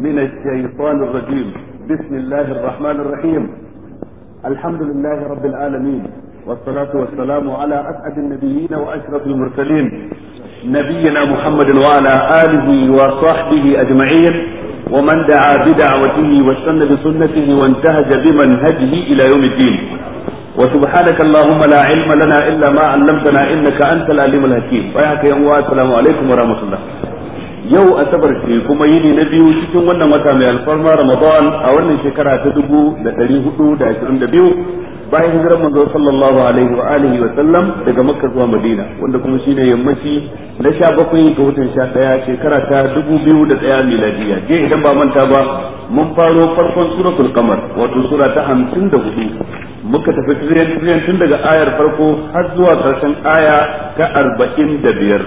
من الشيطان الرجيم بسم الله الرحمن الرحيم الحمد لله رب العالمين والصلاة والسلام على أسعد النبيين وأشرف المرسلين نبينا محمد وعلى آله وصحبه أجمعين ومن دعا بدعوته واستنى بسنته وانتهج بمنهجه إلى يوم الدين وسبحانك اللهم لا علم لنا إلا ما علمتنا إنك أنت العليم الحكيم وياك يا السلام عليكم ورحمة الله yau asabar ce kuma yini na biyu cikin wannan wata mai alfarma ramadan a wannan shekara ta dubu da ɗari hudu da ashirin da biyu bayan hijirar manzo sallallahu alaihi wa alihi wa sallam daga makka zuwa madina wanda kuma shine yammaci na sha bakwai ga watan sha ɗaya shekara ta dubu biyu da ɗaya miladiya je idan ba manta ba mun faro farkon suratul kamar wato sura ta hamsin da hudu muka tafi tiriyan tun daga ayar farko har zuwa karshen aya ta arba'in da biyar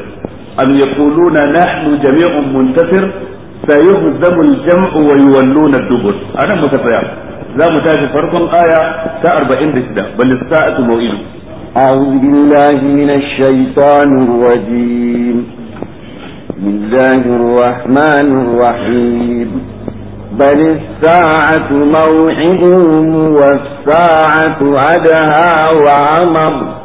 أم يقولون نحن جميع منتصر سيهزم الجمع ويولون الدبر أنا متفائل لا متاجر فرق آية ساعة 46 بل الساعة موئل أعوذ بالله من الشيطان الرجيم بسم الله الرحمن الرحيم بل الساعة موعدهم والساعة أدهى وعمر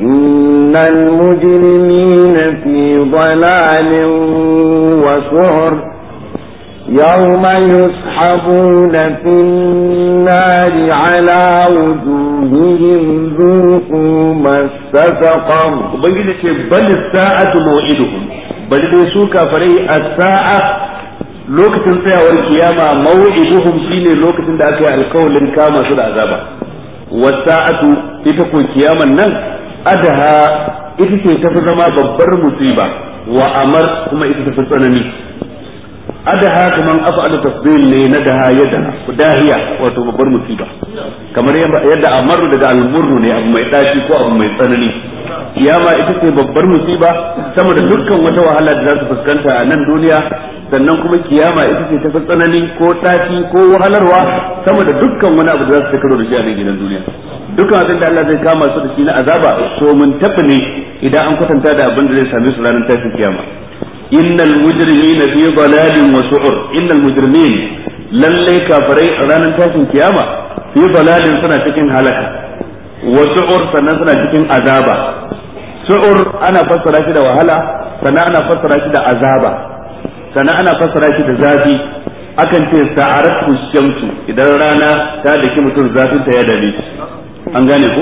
إن المجرمين في ضلال وسعر يوم يسحبون في النار على وجوههم ذوقوا مس سقر بل الساعة موعدهم بل ليسوا كافري الساعة lokacin tsayawar kiyama maw'iduhum shine lokacin da aka yi alkawalin kama su da azaba wasa'atu ita ko kiyaman nan adaha ita ce tafi zama babbar musiba wa amar kuma ita tafi tsanani adaha kaman da tasbih ne na daha yadda kudahiya wato babbar musiba kamar yadda amaru daga almurru ne abu mai dashi ko abu mai tsanani kiyama ita ce babbar musiba sama da dukkan wata wahala da za su fuskanta a nan duniya sannan kuma kiyama ita ce tafi tsanani ko daci ko wahalarwa sama da dukkan wani abu da za su karo da shi a nan gidan duniya dukkan abin da Allah zai kama su da shi na azaba so mun ne idan an kwatanta da abin da zai same su ranar tashin kiyama innal mujrimina fi dalalin wa su'ur innal mujrimina lalle kafirai a ranar tashin kiyama fi dalalin suna cikin halaka wa su'ur sannan suna cikin azaba su'ur ana fassara shi da wahala sannan ana fassara shi da azaba sannan ana fassara shi da zafi akan ce sa'aratu shamsu idan rana ta daki mutum zafin ta ya dame an gane ko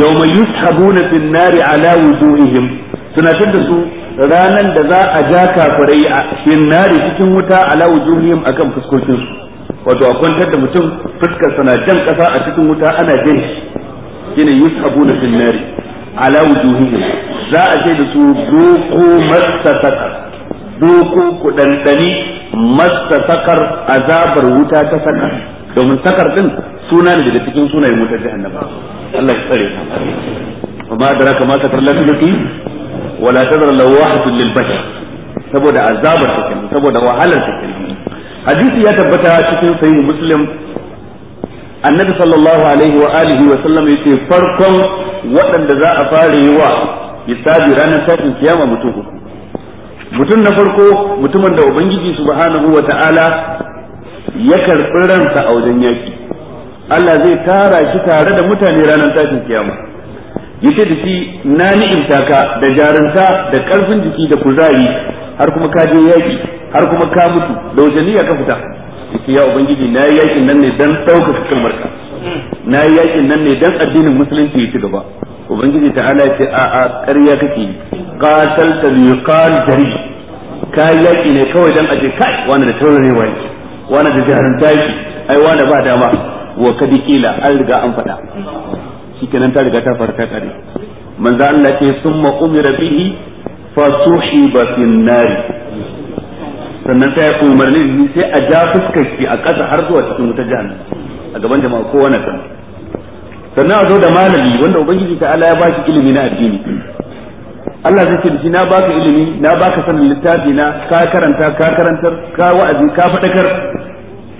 yawma yushabuna fin nari ala wujuhihim suna da su ranan da za a ja kafirai a fin nari cikin wuta ala wujuhihim akan fuskokin su wato a kwantar da mutum fuskar sana jan kasa a cikin wuta ana jin shi kina yushabuna fin nari ala wujuhihim za a ce da su duku masasakar duku ku dandani masasakar azabar wuta ta saka domin sakar din suna ne daga cikin sunayen wutar jahannama Allah ya tsare ta amma adraka ta sakar la tuzaki wala tadra lawahatun lil bashar saboda azabar ta kenan saboda wahalar ta kenan hadisi ya tabbata cikin sahih muslim annabi sallallahu alaihi wa alihi wa sallam yace farkon waɗanda za a fara yi wa hisabi ranar tashin kiyama mutum uku mutum na farko mutumin da ubangiji subhanahu wa ta'ala ya karɓi ransa a wajen yaki Allah zai tara shi tare da mutane ranar tashin kiyama yace da shi na ni'imta ka da jarunta da karfin jiki da kuzari har kuma ka je yaki har kuma ka mutu da wajeniya ka fita yace ya ubangiji na yi yakin nan ne dan ɗaukaka kalmar ka na yi yakin nan ne dan addinin musulunci ya ci gaba ubangiji ta'ala ya ce a a ƙarya kake yi bi qal jari ka yaki ne kawai dan aje kai wani da taurarewa yake wani da jarunta yake ai wani ba dama wa kad qila an riga an faɗa shikenan ta riga ta farka kare manzo Allah ce summa umira bihi fa suhiba fin nari. sannan sai ya umarni ni sai a ja fuskar shi a ƙasa har zuwa cikin wutar jahannam a gaban jama'a kowa na san sannan a zo da malami wanda ubangiji ta Allah ya ba shi ilimi na addini Allah zai ce shi na baka ilimi na baka sanin littafi na ka karanta ka karantar ka wa'azi ka faɗakar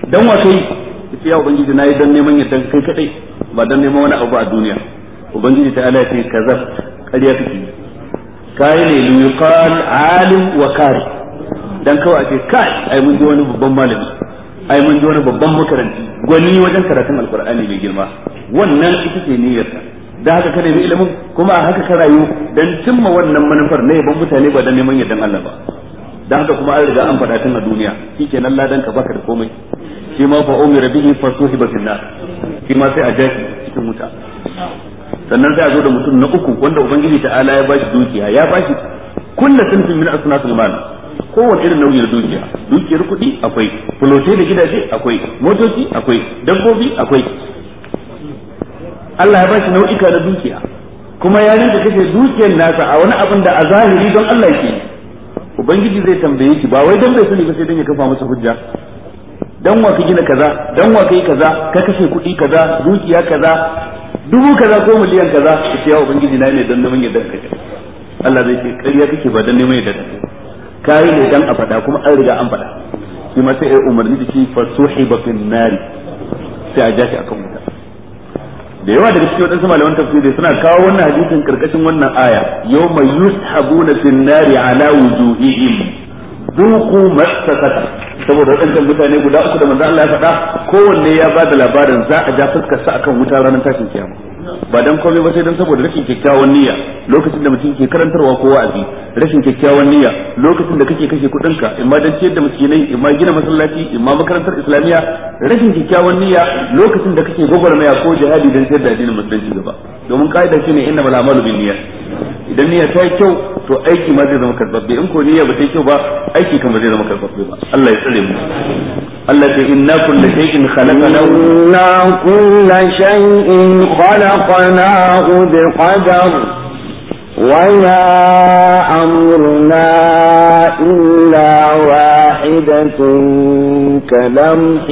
dan wato ita ya ubangiji yi dan neman yadda kai kadai ba dan neman wani abu a duniya ubangiji ta ala ce kaza ƙarya kake kai ne liqal alim wa kari dan kawai ce kai ai mun ji wani babban malami ai mun ji wani babban makaranti gwani wajen karatun alkur'ani mai girma wannan ita ce niyyarka da haka ka nemi ilimin kuma a haka ka rayu dan cimma wannan manufar na ban mutane ba dan neman yardan Allah ba da haka kuma an riga an faɗa tun a duniya shikenan ladan ka baka da komai shi ma fa umira bihi fa suhiba fil nar shi ma sai a jaki cikin wuta sannan sai a zo da mutum na uku wanda ubangiji ta'ala ya bashi dukiya ya bashi kullu sunfin min al mal kowane irin nau'in dukiya dukiyar kuɗi akwai fulotai da gidaje akwai motoci akwai dabbobi akwai Allah ya bashi nau'ika na dukiya kuma ya rinka kace dukiyar nasa a wani abin da a zahiri don Allah yake ubangiji zai tambaye shi ba wai dan bai sani ba sai dan ya kafa masa hujja dan wa ka gina kaza dan wa kai kaza ka kashe kuɗi kaza dukiya kaza dubu kaza ko miliyan kaza ka ce ya ubangiji na ne dan neman yadda kake Allah zai ce ƙarya kake ba dan neman yadda kake kai ne dan a faɗa kuma an riga an faɗa shi ma sai ai umarni da shi suhiba fin nari sai a jashi akan wuta da yawa daga cikin wadansu malaman tafsiri suna kawo wannan hadisin karkashin wannan aya yawma yushabuna fin nari ala wujuhihim duku mastakata saboda waɗancan mutane guda uku da manzo Allah ya faɗa kowanne ya ba da labarin za a ja fuskar sa akan wuta ranar tashin kiyama ba dan komai ba sai dan saboda rashin kyakkyawan niyya lokacin da mutum ke karantarwa ko wa'azi rashin kyakkyawan niyya lokacin da kake kashe kuɗin ka imma dan ciyar da miskinai imma gina masallaci imma makarantar islamiyya rashin kyakkyawan niyya lokacin da kake gwagwarmaya ko jihadi dan ciyar da addinin musulunci gaba domin ka'ida shine innamal a'malu binniyat idan niyya ta yi kyau to aiki ma zai zama karbabbe in ko niyya ba ta yi kyau ba aiki kan zai zama karbabbe ba Allah ya tsare mu Allah ta inna kullu shay'in khalaqnahu inna kullu shay'in khalaqnahu bi qadar وما أمرنا إلا واحدة كلمح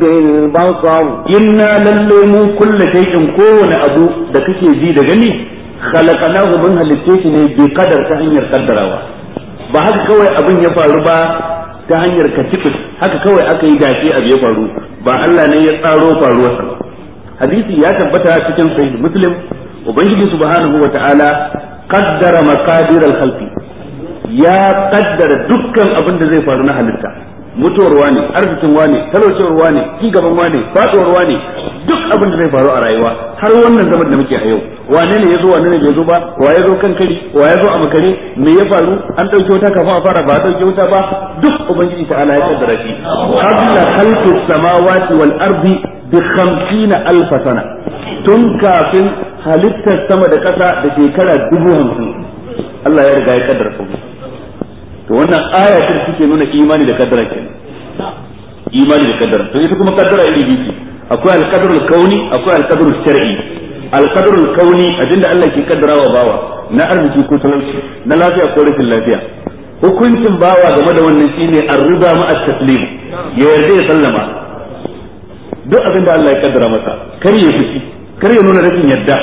بالبصر إنا للمو كل abu da kake ji زيد جنيه khalaqnahu mun halitte shi ne bi qadar ta hanyar kaddarawa ba haka kawai abin ya faru ba ta hanyar katifis haka kawai aka yi gashi abu ya faru ba Allah ne ya tsaro faruwar sa hadisi ya tabbata cikin sahih muslim ubangiji subhanahu wataala qaddara maqadir al-khalqi ya kaddara dukkan abin da zai faru na halitta mutuwar wane arzikin wane talaucewar wane ci gaban wane faɗuwar wane duk abin da zai faru a rayuwa har wannan zaman da muke a yau wane ne yazo wane ne bai zo ba wa yazo kan kari wa yazo a makare me ya faru an dauke wuta kafin a fara ba a dauke wuta ba duk ubangiji ta ala ya kaddara shi qabla khalqis samawati wal ardi bi 50 alf sana tun kafin halittar sama da kasa da shekara dubu Allah ya riga ya kaddara komai to wannan aya ce da take nuna imani da kaddara ke imani da kaddara to ita kuma kaddara iri biyu ce akwai alqadarul kauni akwai alqadarul shar'i alqadarul kauni abinda Allah ke wa bawa na arziki ko talauci na lafiya ko rashin lafiya hukuncin bawa game da wannan shine ar-rida ma'a taslim ya yarda ya sallama duk abin da Allah ya kaddara masa kar ya fushi kar ya nuna rashin yadda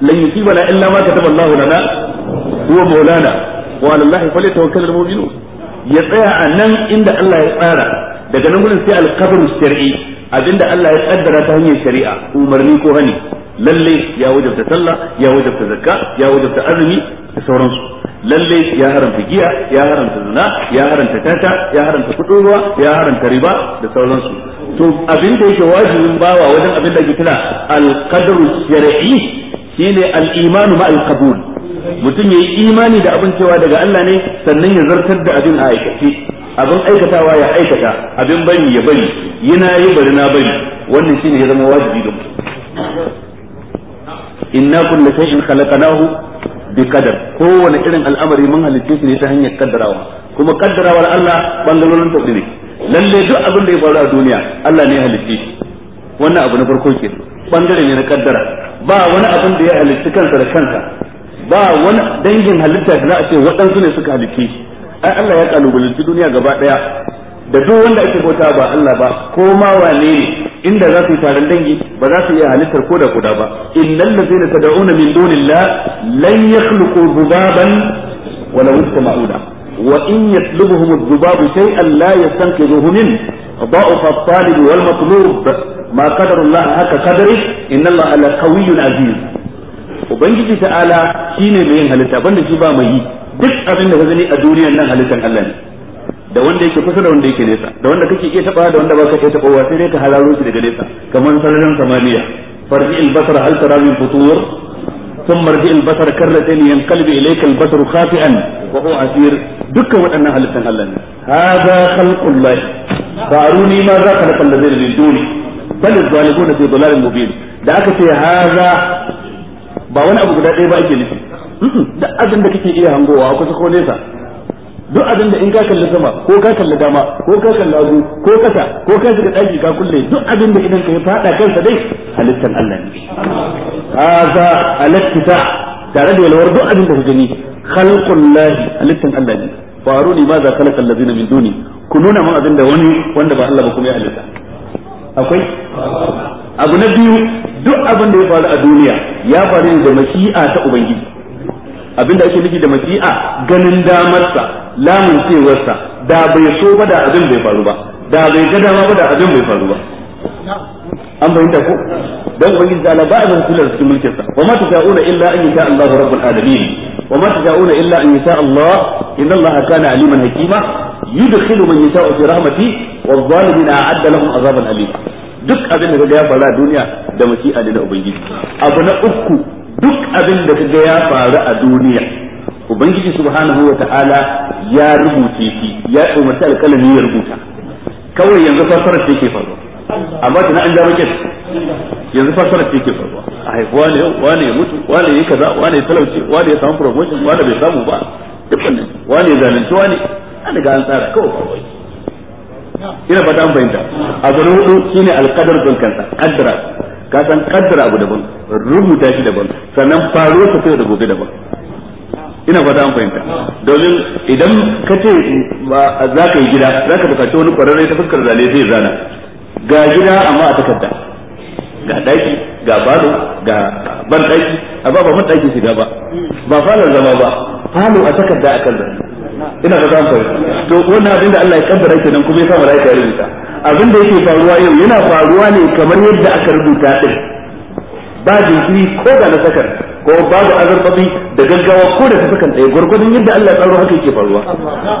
lan yusibana illa ma kataba Allahu lana huwa maulana wa alallahi falyatawakkalul mu'minun ya tsaya a nan inda Allah ya tsara daga nan gurin sai alqabr shar'i abinda Allah ya kaddara ta hanyar shari'a umarni ko hani lalle ya wajabta sallah ya wajabta zakka ya wajabta azumi da sauransu lalle ya haramta giya ya haramta zina ya haramta tata ya haramta kudin ruwa ya haramta riba da sauransu to abin da yake wajibin bawa wajen abin da ake kira al shar'i shine al-imanu ma al-qabul mutum ya yi imani da abin cewa daga Allah ne sannan ya zartar da abin a aikace abin aikatawa ya aikata abin bari ya bari yana yi bari na bari wannan shine ya zama wajibi ga inna kullu shay'in khalaqnahu bi qadar kowane irin al'amari mun halicce shi ne ta hanyar kaddarawa kuma kaddarawar Allah bangalolin ta ne lalle duk abin da ya faru a duniya Allah ne ya halicce shi wannan abu na farko ke bangare ne na kaddara ba wani abin da ya halicci kansa da kansa ba wani dangin halitta da za a ce waɗansu ne suka halitti. ai Allah ya kalubalanci duniya gaba daya da duk wanda ake bauta ba Allah ba ko ma wane ne inda za su yi taron dangi ba za su iya halittar ko da guda ba innal ladzina tad'una min dunillah lan yakhluqu dhubaban wala yasma'una wa in yatlubuhum adh-dhubabu shay'an la yastanqidhuhu min ضعف الطالب والمطلوب ما قدر الله حق قدره إن الله لقوي عزيز ubangiji ta'ala shine mai yin halitta banda shi ba mai yi duk abin da ka gani a duniyar nan halittan Allah ne da wanda yake kusa da wanda yake nesa da wanda kake iya taba da wanda ba ka iya taba sai dai ka halalo shi daga nesa kamar sararin samaniya farji al-basar hal tara min futur ثم ارجع البصر كرتين ينقلب اليك البصر خاطئا وهو عسير دك ودنا هلتن هلن هذا خلق الله فاروني ماذا خلق الذين من دونه بل الظالمون في ضلال مبين da aka ce haza ba wani abu guda ɗaya ba ake nufi duk abin da kake iya hangowa kusa ko nesa duk abin da in ka kalli sama ko ka kalli dama ko ka kalli hagu ko kasa ko ka shiga ɗaki ka kulle duk abin da idan ka yi fada kansa dai halittan Allah ne hada alattita tare da walwar duk abin da ku gani khalqul lahi halittan Allah ne faru ne ma za khalaqa allazina min duni ku nuna mun abin da wani wanda ba Allah ba kuma ya halitta akwai abu na biyu duk abin da ya faru a duniya ya faru ne da mashi'a ta ubangiji abinda ake nufi da mashi'a ganin damarsa lamun cewarsa da bai so ba da abin bai faru ba da bai ga dama ba da abin bai faru ba an bayyana ko dan ubangiji ta ba a kula da cikin mulkin sa wa ma tasha'una illa an yasha Allah rabbul alamin wa ma tasha'una illa an yasha Allah inna Allah kana aliman hakima yudkhilu man yasha'u fi rahmatihi wadh-dhalimina a'adda lahum azaban alima duk abin da kaga ya faru a duniya da a da ubangiji abu na uku duk abin da kaga ya faru a duniya ubangiji subhanahu wa ta'ala ya rubuce shi ya umarci alƙalami ya rubuta kawai yanzu fasarar ce ke faruwa amma tana an ja makin yanzu fasarar ce ke faruwa a wane ne wane ya mutu wane ya kaza wane ya talauci wane ya samu promotion wane bai samu ba duk wannan wane ya zalunci wane an daga an tsara kawai ina fata an fahimta abu na hudu shine alqadar don kansa qaddara ka san qaddara abu daban rubuta shi daban sannan faruwa ta kai da gobe daban ina fata an fahimta domin idan ka ce za ka yi gida za ka bukaci wani kwararre ta fuskar zane zai zana ga gida amma a takarda ga daki ga balo ga ban daki a ba mun daki shiga ba ba falon zama ba falo a takarda akan zane ina da zamfari to wannan abin da Allah ya kaddara kenan kuma ya sa malaika ya rubuta abin da yake faruwa yau yana faruwa ne kamar yadda aka rubuta din ba jinkiri ko da na sakar ko ba babu azarfafi da gaggawa ko da ta sakan tsaye gwargwadon yadda Allah ya tsaro haka yake faruwa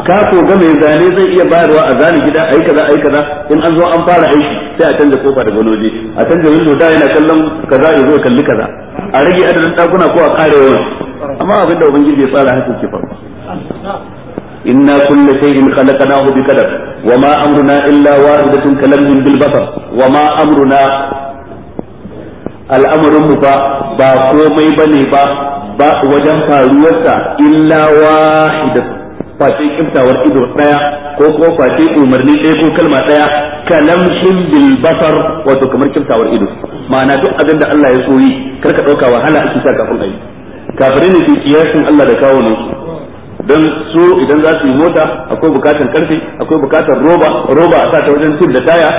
ka ko ga mai zane zai iya bayarwa a zane gida yi kaza yi kaza in an zo an fara aiki sai a canza kofa da ganoji a canza window da yana kallon kaza ya zo kalli kaza a rage adadin dakuna ko a kare yawan amma abin da ubangiji ya tsara haka yake faruwa إنا كل شيء خلقناه بقدر وما أمرنا إلا واردة كلمه بالبصر وما أمرنا الأمر مبا با komai bane ba ba wajen faruwarsa illa wahida face kimtawar ido daya ko ko face umarni ɗaya ko kalma daya kalamshin bil basar wato kamar kimtawar ido ma'ana duk abin da Allah ya soyi karka dauka wahala ake sa kafin ayi kiyasin Allah da kawo ne don su idan za su yi mota akwai bukatar karfe akwai bukatar roba roba a sa ta wajen tub da taya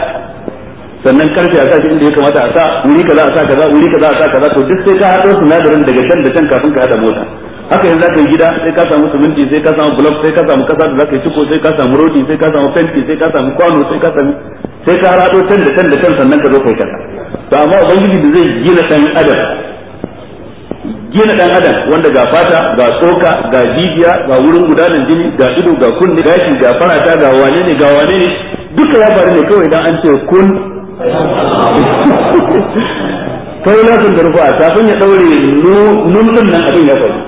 sannan karfe a sa shi inda ya kamata a sa wuri kaza a sa kaza wuri kaza a sa kaza to duk sai ka hado sinadarin daga can da can kafin ka haɗa mota haka yanzu zaka yi gida sai ka samu siminti sai ka samu blok sai ka samu kasa da zaka yi ciko sai ka samu rodi sai ka samu fenti sai ka samu kwano sai ka samu sai ka haɗo can da can da can sannan ka zo kai kaza to amma ubangiji da zai gina san adam gina dan adam wanda ga fata ga tsoka ga jijiya ga wurin gudanar jini ga ido ga kunne ga shi ga farata ga wane ne ga wane ne duka ya faru ne kawai dan an ce kun kai na sun darfa kafin ya daure nun nan abin ya faru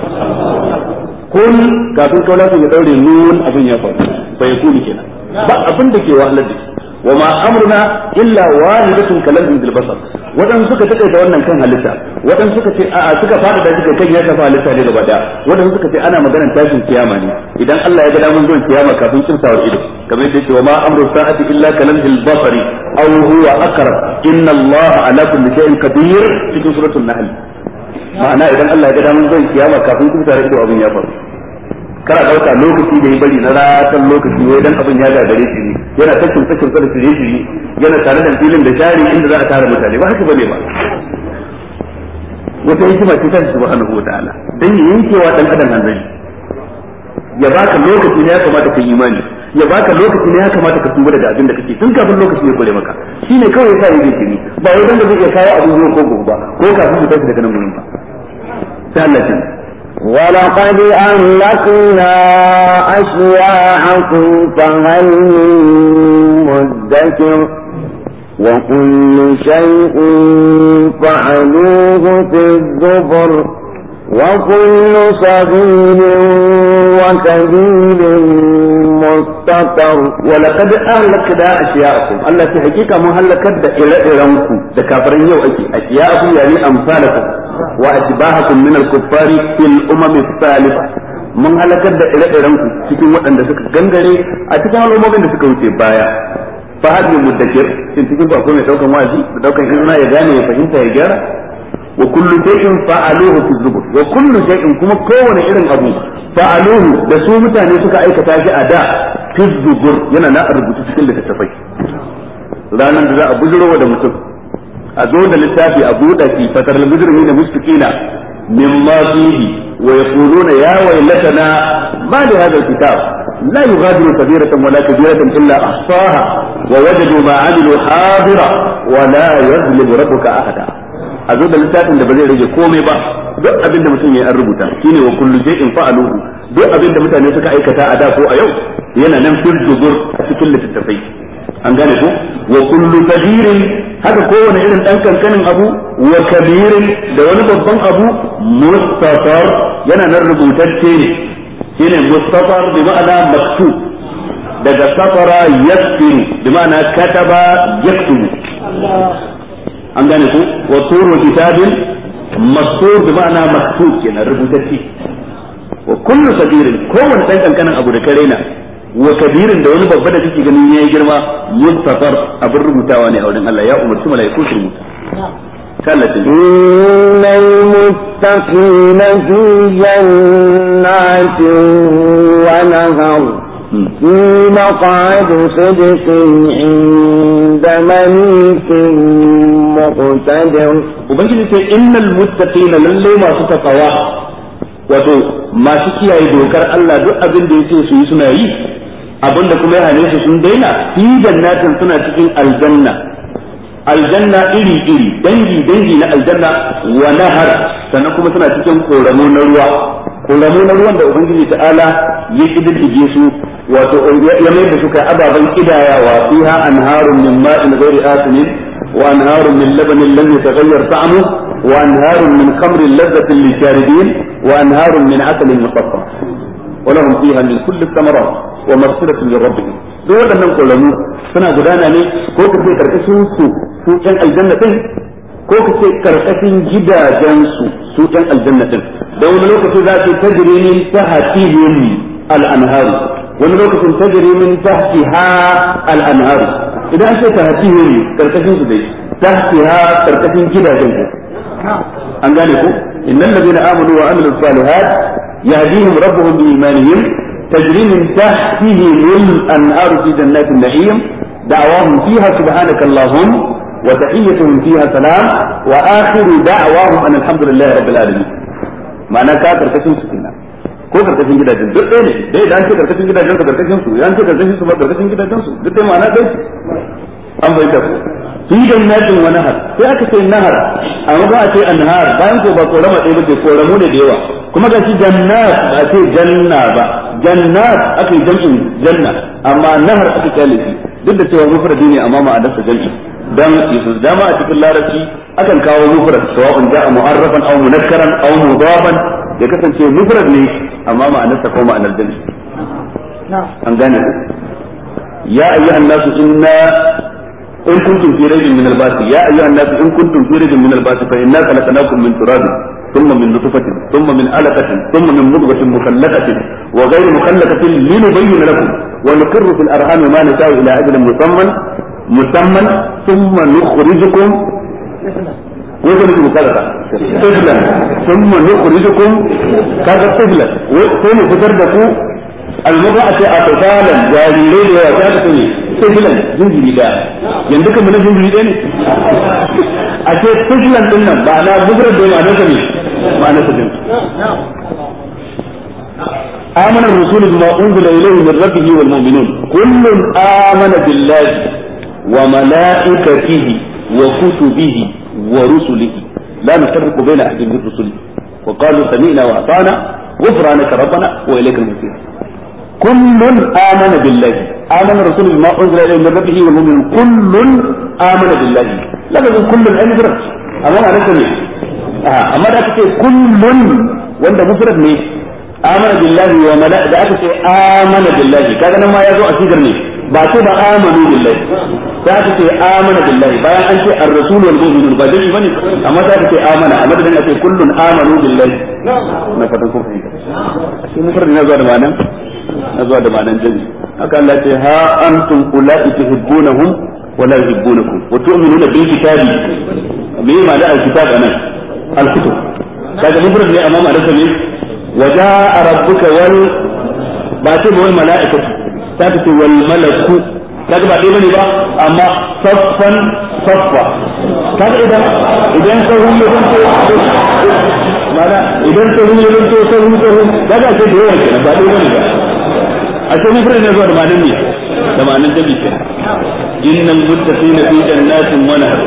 kun kafin kai na sun ya daure nun abin ya faru bai kuni kenan ba abin da ke wahalar da wa ma amruna illa wahidatun kalamhin bil basar wadan suka take da wannan kan halitta wadan suka ce a'a suka fada da suka kan ya kafa halitta ne gaba daya wadan suka ce ana maganar tashin kiyama ne idan Allah ya ga damun zuwan kiyama kafin kimsawar ido kamar yadda yake wa ma amru sa'ati illa kalamhil basari aw huwa aqrab inna Allah ala kulli shay'in qadir cikin suratul nahl ma'ana idan Allah ya ga damun zuwan kiyama kafin kimsawar ido abin ya faru kana dauka lokaci da yi bari na ratan lokaci wai dan abin ya ga gagare shi ne yana ta kimtsa kimtsa da shirye shirye yana tare da filin da shari inda za a tara mutane ba haka bane ba wata hikima ce ta subhanahu wa ta'ala dan yankewa dan adam hanzari ya baka lokaci ne ya kamata ka yi imani ya baka lokaci ne ya kamata ka tuba daga abin da kake tun kafin lokaci ne kore maka shine kawai yasa yake kiri ba wai dan da zai iya kawo abin ko gobe ba ko kafin ka tafi daga nan gurin ba sai Allah ya ولقد أهلكنا أشياعكم فهل من مدكر وكل شيء فعلوه في الزبر وكل صغير وكبير مستطر ولقد أهلكنا أشياءكم التي حقيقة مهلكت إلى إلمكم ذكابرين يوأتي أشياءكم يعني أمثالكم wa atbahakum min al-kuffari fil umam al-salifa mun halakar da ire-iren ku cikin waɗanda suka gangare a cikin al'ummomin da suka wuce baya fa hadu mudakkir in cikin ku akwai mai daukan wa'azi da daukan izina ya gane ya fahimta ya gyara wa kullu shay'in fa'aluhu fi zubur wa kullu shay'in kuma kowane irin abu fa'aluhu da su mutane suka aikata shi a da fi zubur yana na rubutu cikin littattafai ranar da za a bujiro da mutum a zo da littafi a buɗa shi fatar mujrimi da min ma fihi wa yaquluna ya waylatana ma li hadha alkitab la yughadiru kabiratan wala kabiratan illa ahsaha wa wajadu ma amilu hadira wa la yazlimu rabbuka ahada a zo da littafin da ba zai rage komai ba duk abin da mutum ya an rubuta shine wa kullu shay'in fa'aluhu duk abin da mutane suka aikata a da ko a yau yana nan fil a cikin littattafai an gane ko wa kullu kabirin haka kowane irin dan kankanin abu wa kabirin da wani babban abu mustafar yana nan rubutacce ne shine mustafar bi ma'ana maktub daga safara yaktin bi ma'ana kataba yaktin an gane ko wa turu kitabin mastur bi ma'ana maktu kenan rubutacce wa kullu kabirin kowane dan kankanin abu da karena wa kabirin da wani babba da kake ganin yayi girma yubtasar abin rubutawa ne a wurin Allah ya umarci malaiku su rubuta إن المتقين في جنات ونهر في مقعد صدق عند مليك مقتدر وبنجد إن المتقين للي ما ستقواه wato masu kiyaye dokar Allah duk abin da yake su yi suna yi abinda kuma ya hane sun daina fi jannatin suna cikin aljanna aljanna iri iri dangi dangi na aljanna wa nahar sannan kuma suna cikin koramu na ruwa koramu na ruwan da ubangiji ta'ala ya kididdige su wato ya mai da su kai ababen kidayawa fiha anharun min ma'in ghairi asinin wa anharun min labanin lam yataghayyar ta'amuhu وأنهار من خمر لذة للشاربين وأنهار من عسل مصفى wa lahum fiha min kulli wa maghfiratun min rabbihim duk waɗannan koramu suna gudana ne ko ka ce karkashin su su ɗan aljanna din ko ka ce karkashin su su aljanna din dan wani lokaci za ta tajri min tahtihim al wani lokacin tajri min tahtiha al-anhar idan sai tahtihim karkashin su dai gidajen an gane wa يهديهم ربهم بإيمانهم تجري من تحتهم الأنهار في جنات النعيم دعواهم فيها سبحانك اللهم وتحيتهم فيها سلام وآخر دعواهم أن الحمد لله رب العالمين معناه كافر كسم سكنا ko karkashin gidajen duk ɗaya ne dai da an ce karkashin gidajen ka karkashin su an ce karkashin su ba karkashin gidajen su duk ɗaya ma'ana ɗaya an bai da ku fi jannatin wa nahar sai aka ce nahar amma ba a ce anhar bayan ko ba korama ɗaya ba ce koramu ne da yawa kuma ga shi jannat ba ce janna ba jannat aka yi jam'in janna amma nahar aka kyale shi duk da cewa mufradi ne amma ma ma'anarsa jam'i dan yusuf dama a cikin larabci akan kawo mufrad sawa'un ja'a mu'arrafan aw munakkaran aw mudafan ya kasance mufrad ne amma ma a ma'anarsa ko ma'anar jam'i an gane ya ayyuhan nasu inna إن كنتم في رجل من الباس يا أيها الناس إن كنتم في رجل من الباس فإنا خلقناكم من تراب ثم من نطفة ثم من علقة ثم من مضغة مخلقة وغير مخلقة لنبين لكم ونقر في الأرحام ما نشاء إلى أجل مسمى مسمى ثم نخرجكم وزن المكالمة طفلا ثم نخرجكم كذا طفلا ثم تدربكم almurra a ce a tsalan jarirai da yawa ta tafi sifilan jinjiri da yanzu kan mana jinjiri ɗaya ne a ce sifilan din nan ba na buzura da ne din آمن الرسول بما أنزل إليه من ربه والمؤمنون كل آمن بالله وملائكته وكتبه ورسله لا نفرق بين أحد من رسله وقالوا سمعنا وأطعنا غفرانك ربنا وإليك المصير kullun amana billahi amana rasulun bima unzila ilayhi min rabbih wal mu'minun kullun amana billahi lafazin kullun ai mufrad amma ana nufin ne amma da aka ce wanda mufrad ne amana billahi wa mala'a da amana billahi kaga nan ma ya zo a sigar ne ba ce ba amanu billahi sai aka ce amana billahi bayan an ce ar-rasul ba amma da amanu na na na zuwa da ma'anan jami haka Allah ce ha antum ula'i tuhibbunahum wa la yuhibbunakum wa tu'minuna bil kitabi me ma'ana da alkitab anan alkitab kutub mun mufrad ne amma ma da ne wa ja'a rabbuka wal ba ce wal mala'ikatu ta ce wal malaku kaga ba dai bane ba amma saffan saffa kaga idan idan sai wani mutum mana idan sai wani yi sai wani mutum kaga ce da yawa ba dai bane ba ashe fure ne zuwa da ma'anar ne da ma'anar jami ke innal muttaqina fi jannatin wa nahar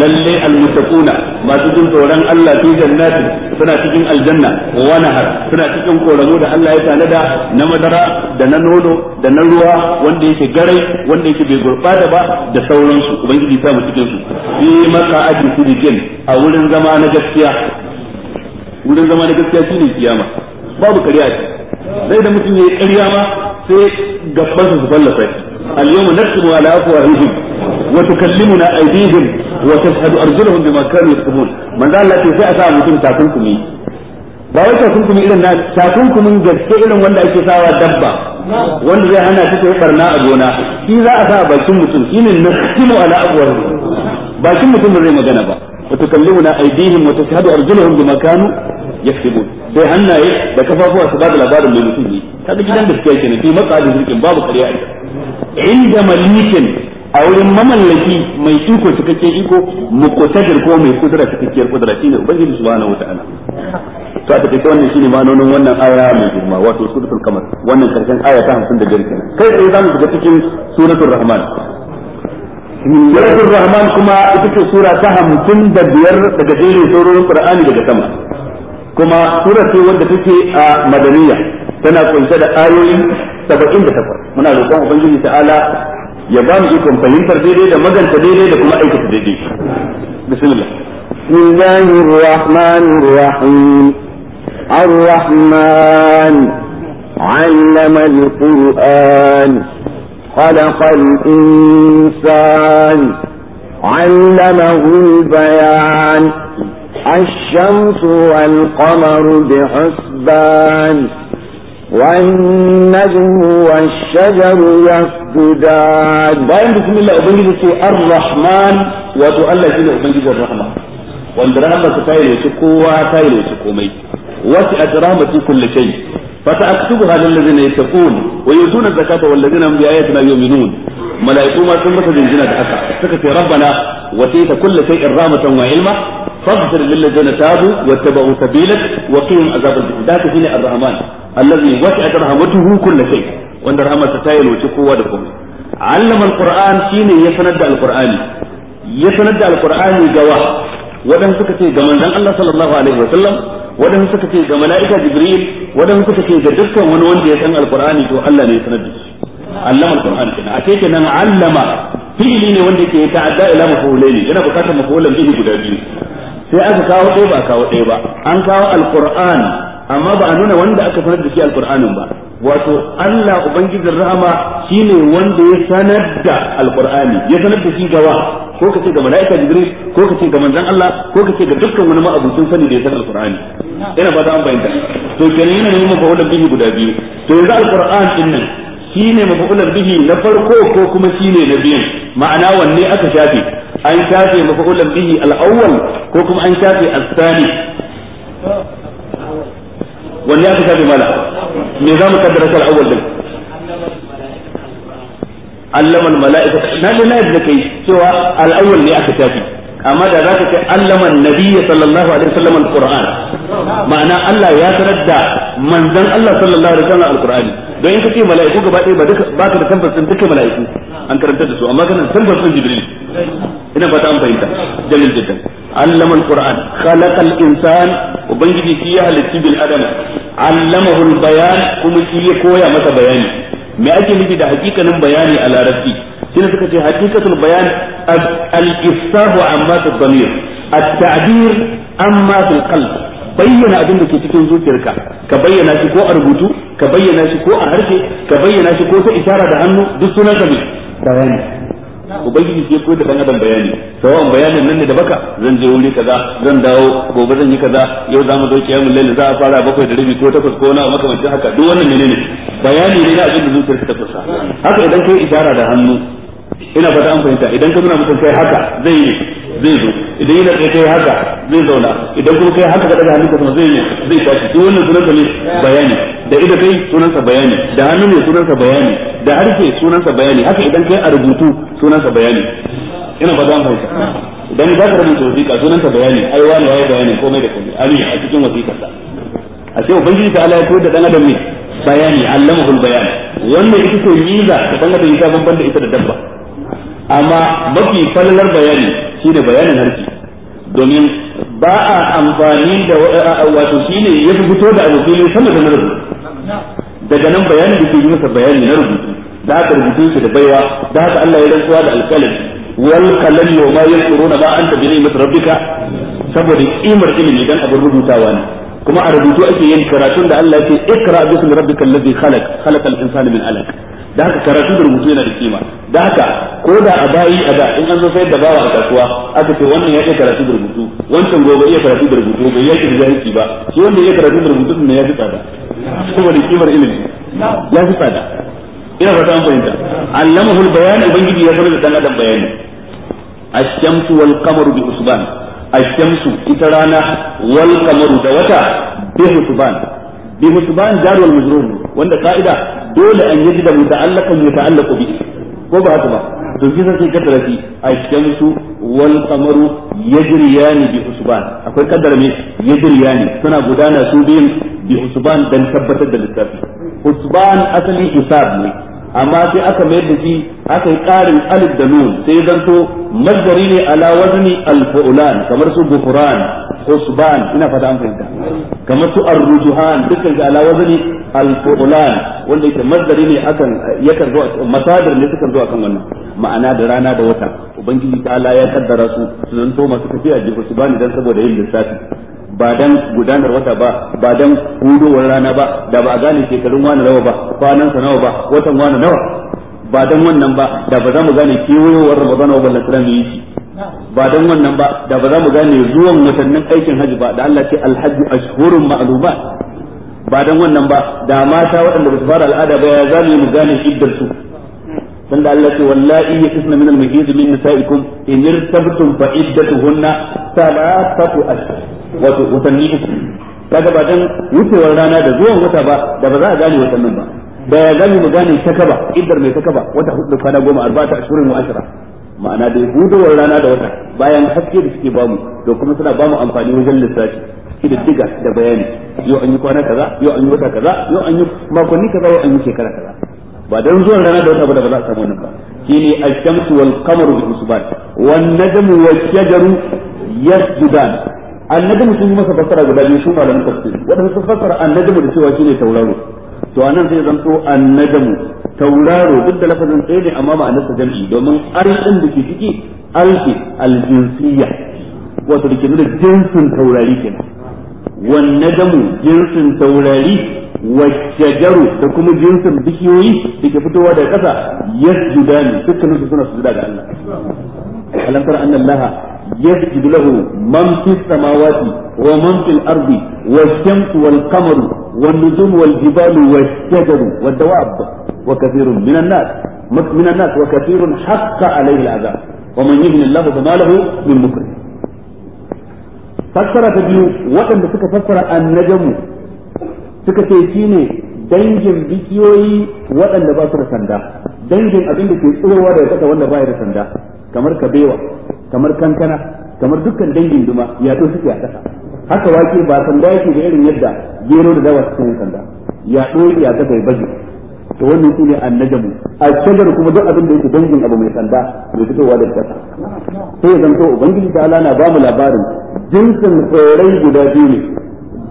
lalle al muttaquna masu jin tsoron Allah fi jannatin suna cikin aljanna wa nahar suna cikin koramu da Allah ya tanada na madara da na nono da na ruwa wanda yake garai wanda yake bai gurbata ba da sauransu ubangiji ta mu cikin su fi maqa'adin sujjin a wurin zama na gaskiya wurin zama na gaskiya shine kiyama babu kariya ce da mutum ya yi ma sai gaban su ballasa al yawma ala afwahihim wa tukallimuna aydihim wa tashhadu arjuluhum bima kanu manzo Allah ce sai a sa mutum takunkumi ba wai takunkumi irin na takunkumin gaske irin wanda ake sawa dabba wanda zai hana ta barna a gona shi za a sa bakin mutum ala afwahihim bakin mutum zai magana ba wa tukallimuna aydihim wa tashhadu arjuluhum bima kanu yaktubun sai hannaye da kafafuwa su ba da labarin mai mutum ne gidan da suke kenan fi zirkin babu ƙarya inda malikin a wurin mamallaki mai iko cikakken iko ko mai kudura kudura ubangiji to a take wannan shine wannan aya mai girma wato suratul wannan karshen aya ta kai zamu shiga cikin suratul rahman suratul rahman kuma ita ce sura ta 55 daga jerin surorin qur'ani daga sama kuma sura ce wanda take a madaniya tana kunshe da ayoyi 78 muna roƙon ubangiji ta'ala ya ba mu ikon fahimtar daidai da maganta daidai da kuma aikata daidai bismillah bismillahir rahmanir rahim الرحمن علم القرآن خلق الإنسان al البيان الشمس والقمر بحسبان والنجم والشجر يسجدان باين بسم الله أبنجد سي الرحمن وتؤلى جل أبنجد الرحمن وان رحمة تايل وتكوى تايل وتكومي وسعت رحمة كل شيء فسأكتبها للذين يتقون ويؤتون الزكاة والذين هم بآياتنا يؤمنون ملائكو ما سنبت جنة حكا سكت ربنا وتيت كل شيء رامة وعلما فاغفر للذين تابوا واتبعوا سبيلك وقيهم عذاب الجحيم ذاك هنا الرحمن الذي وسعت رحمته كل شيء وان رحمة تايل وتقوى لكم علم القرآن شيني يسند القرآن يسند القرآن جواه wadan suka ce ga manzon Allah sallallahu alaihi wasallam wadan suka ce ga malaika jibril wadan suka ce ga dukkan wani wanda ya san alqur'ani to Allah ne ya sanar da shi allama alqur'ani kenan a cikin nan allama fi'ili ne wanda ke ta'adda ila mafulaini yana bukatar mafulan bihi guda biyu sai aka kawo ɗaya ba kawo ɗaya ba an kawo alqur'ani amma ba a nuna wanda aka sanar da shi alqur'anin ba wato Allah ubangijin rahama shine wanda ya sanar da alqur'ani ya sanar da shi gawa ko kace ga malaika jibril ko kace ga manzon Allah ko kace ga dukkan wani ma'abucin sani da ya sanar alqur'ani ina ba da an bayyana to kenan yana nuna mafa'ulan bihi guda biyu to yanzu alqur'an din nan shine mafa'ulan bihi na farko ko kuma shine na biyu ma'ana wanne aka shafe an shafe mafa'ulan bihi al-awwal ko kuma an shafe al-thani wanne aka shafe mana me za mu kaddara kal al'awwal din allama al malaika na da na da kai cewa al awwal ne aka tafi amma da za ka ce allama nabiyyi sallallahu alaihi wasallam al qur'an ma'ana Allah ya sanar da manzon Allah sallallahu alaihi wasallam al qur'ani don in kace mala'iku gaba ɗaya ba duka ba ka da tabbas din duka mala'iku an karanta da su amma kana da tabbas din jibril ina fata an fahimta jalil jiddan allama alquran khalaqa al-insan ubangiji shi ya halitti bil adam allamahu al-bayan kuma shi ya koya masa bayani me ake nufi da hakikanin bayani a larabci shine suka ce hakikatul bayan al-ifsahu amma tadmir at-ta'bir amma fil qalb bayyana abin da ke cikin zuciyarka ka bayyana shi ko a rubutu ka bayyana shi ko a harshe ka bayyana shi ko ta isara da hannu duk sunan ka ne bayani ubangiji ke koyar da dan adam bayani sawan bayanin nan ne da baka zan je wuri kaza zan dawo gobe zan yi kaza yau za mu zo kiyamul lalle za a fara bakwai da rabi ko takwas ko na makamancin haka duk wannan menene bayani ne na abin da zuciyarka ta kusa haka idan kai isara da hannu ina fata an fahimta idan ka nuna mutum kai haka zai yi zai zo idan yana kai kai haka zai zauna idan kuma kai haka ka daga hannu kuma zai ne zai tashi duk wannan sunansa ne bayani da ido kai sunansa bayani da hannu ne sunansa bayani da harshe sunansa bayani haka idan kai a rubutu sunansa bayani ina ba za mu fahimta idan za ka rubuta wasiƙa sunansa bayani ai wani wai bayani komai da komai ali a cikin wasiƙarsa a ce ubangiji ta Allah ya koyar da dan adam ne bayani allamahu bayan wannan ita ce miza da dan adam ya da ita da dabba amma mafi falalar bayani shi ne bayanin harshe domin ba a amfani da wato shi ne ya fito da abu filin sama da daga nan bayanin da ke yi masa bayani na rubutu da aka rubutu shi da baiwa da haka Allah ya rantsuwa da alƙalam wal qalam wa ma yanquruna ma anta bi masa rabbika saboda imar ilimi dan abin rubutawa ne kuma a rubutu ake yin karatun da Allah ya ce ikra bismi rabbikal ladzi khalaq khalaqal insana min alaq da haka karatu da rubutu yana da kima da haka ko da a bayi a da in an zo sayar da bawa a kasuwa aka ce wannan ya iya karatu da rubutu wancan gobe iya karatu da rubutu bai yake da jahilci ba shi wanda ya karatu da rubutu ne ya fi tsada da kimar ilimi ya fi tsada ina fata an fahimta allamahu albayan ubangiji ya sanar da dan adam bayani ash-shamsu wal qamaru bi usban ash-shamsu ita rana wal qamaru da wata bi usban bi musban jar wal majrur wanda ka'ida dole an yi da muta'allaqan muta'allaqu bi ko ba haka ba to kisa sai kaddara fi ash-shamsu wal qamaru yajriyani bi husban akwai kaddara me yajriyani suna gudana su bi husban dan tabbatar da lissafi usban asali isab ne amma sai aka mai da shi aka yi ƙarin alif da nun sai zanto mazdari ne ala wazni al-fu'lan kamar su gufran ko suban ina fata an fahimta kamar su ar dukkan ga ala wazani al wanda yake mazdari ne akan yakan zo masadar ne sukan zo akan wannan ma'ana da rana da wata ubangiji ta Allah ya kaddara su su zanto masu tafiya su bani dan saboda yin lissafi ba dan gudanar wata ba ba dan hudowar rana ba da ba a gane shekarun wani nawa ba kwanan sa nawa ba watan wani nawa ba dan wannan ba da ba za mu gane kewayowar ramadana ba ballan mu yi shi ba dan wannan ba da ba za mu gane zuwan watannin aikin haji ba da Allah ce alhajju ashhurun ma'lumat ba dan wannan ba da mata waɗanda ba su fara al'ada ba ya za mu gane shiddar su dan da Allah ce wallahi ya min al-mahid min nisaikum in irtabtum fa iddatuhunna thalathatu ashhur wa watanni uku kaga ba dan wucewar rana da zuwan wata ba da ba za a gane watannin ba da ya za mu gane takaba iddar mai takaba wata hudu kwana goma arba'ata ashhurun wa ashra ma'ana da budowar rana da wata bayan haske da suke bamu to kuma suna bamu amfani wajen lissafi shi da diga da bayani yau an yi kwana kaza yau an yi wata kaza yau an yi makonni kaza yau an yi shekara kaza ba dan zuwan rana da wata ba da ba za a samu wannan ba shine ash-shamsu wal qamaru bi usbat wan najmu wash shajaru yasjudan an-najmu sun masa fassara guda biyu su malamin tafsir wadanda sun fassara an-najmu da cewa shine tauraro to anan zai zanto annadamu tauraro duk da lafazin tsaye ne amma sa jam'i domin arzikin da ke ciki alfi aljinsiyya wato da ke nuna jinsin taurari kenan wannan damu jinsin taurari wajjajaru da kuma jinsin bishiyoyi da ke fitowa daga ƙasa yasjudani dukkanin su suna sujuda ga Allah alam tara Allah يسجد له من في السماوات ومن في الأرض والشمس والقمر والنجوم والجبال والشجر والدواب وكثير من الناس من الناس وكثير حق عليه العذاب ومن يهن الله فما له من مكره fassara ta biyu waɗanda suka fassara annajamu suka ce shi ne dangin bishiyoyi waɗanda ba su da sanda dangin abinda ke tsirowa daga ƙasa wanda ba da sanda kamar kabewa kamar kankana kamar dukkan dangin duma ya to suke a kasa haka wake ba da yake da irin yadda gero da dawa suke sanda ya to ya kasa ya baje to wannan shine annajamu a cikin kuma duk abin da yake dangin abu mai sanda mai fitowa da kasa sai ya zanto ubangiji ta Allah na ba mu labarin jinsin tsorai guda biyu ne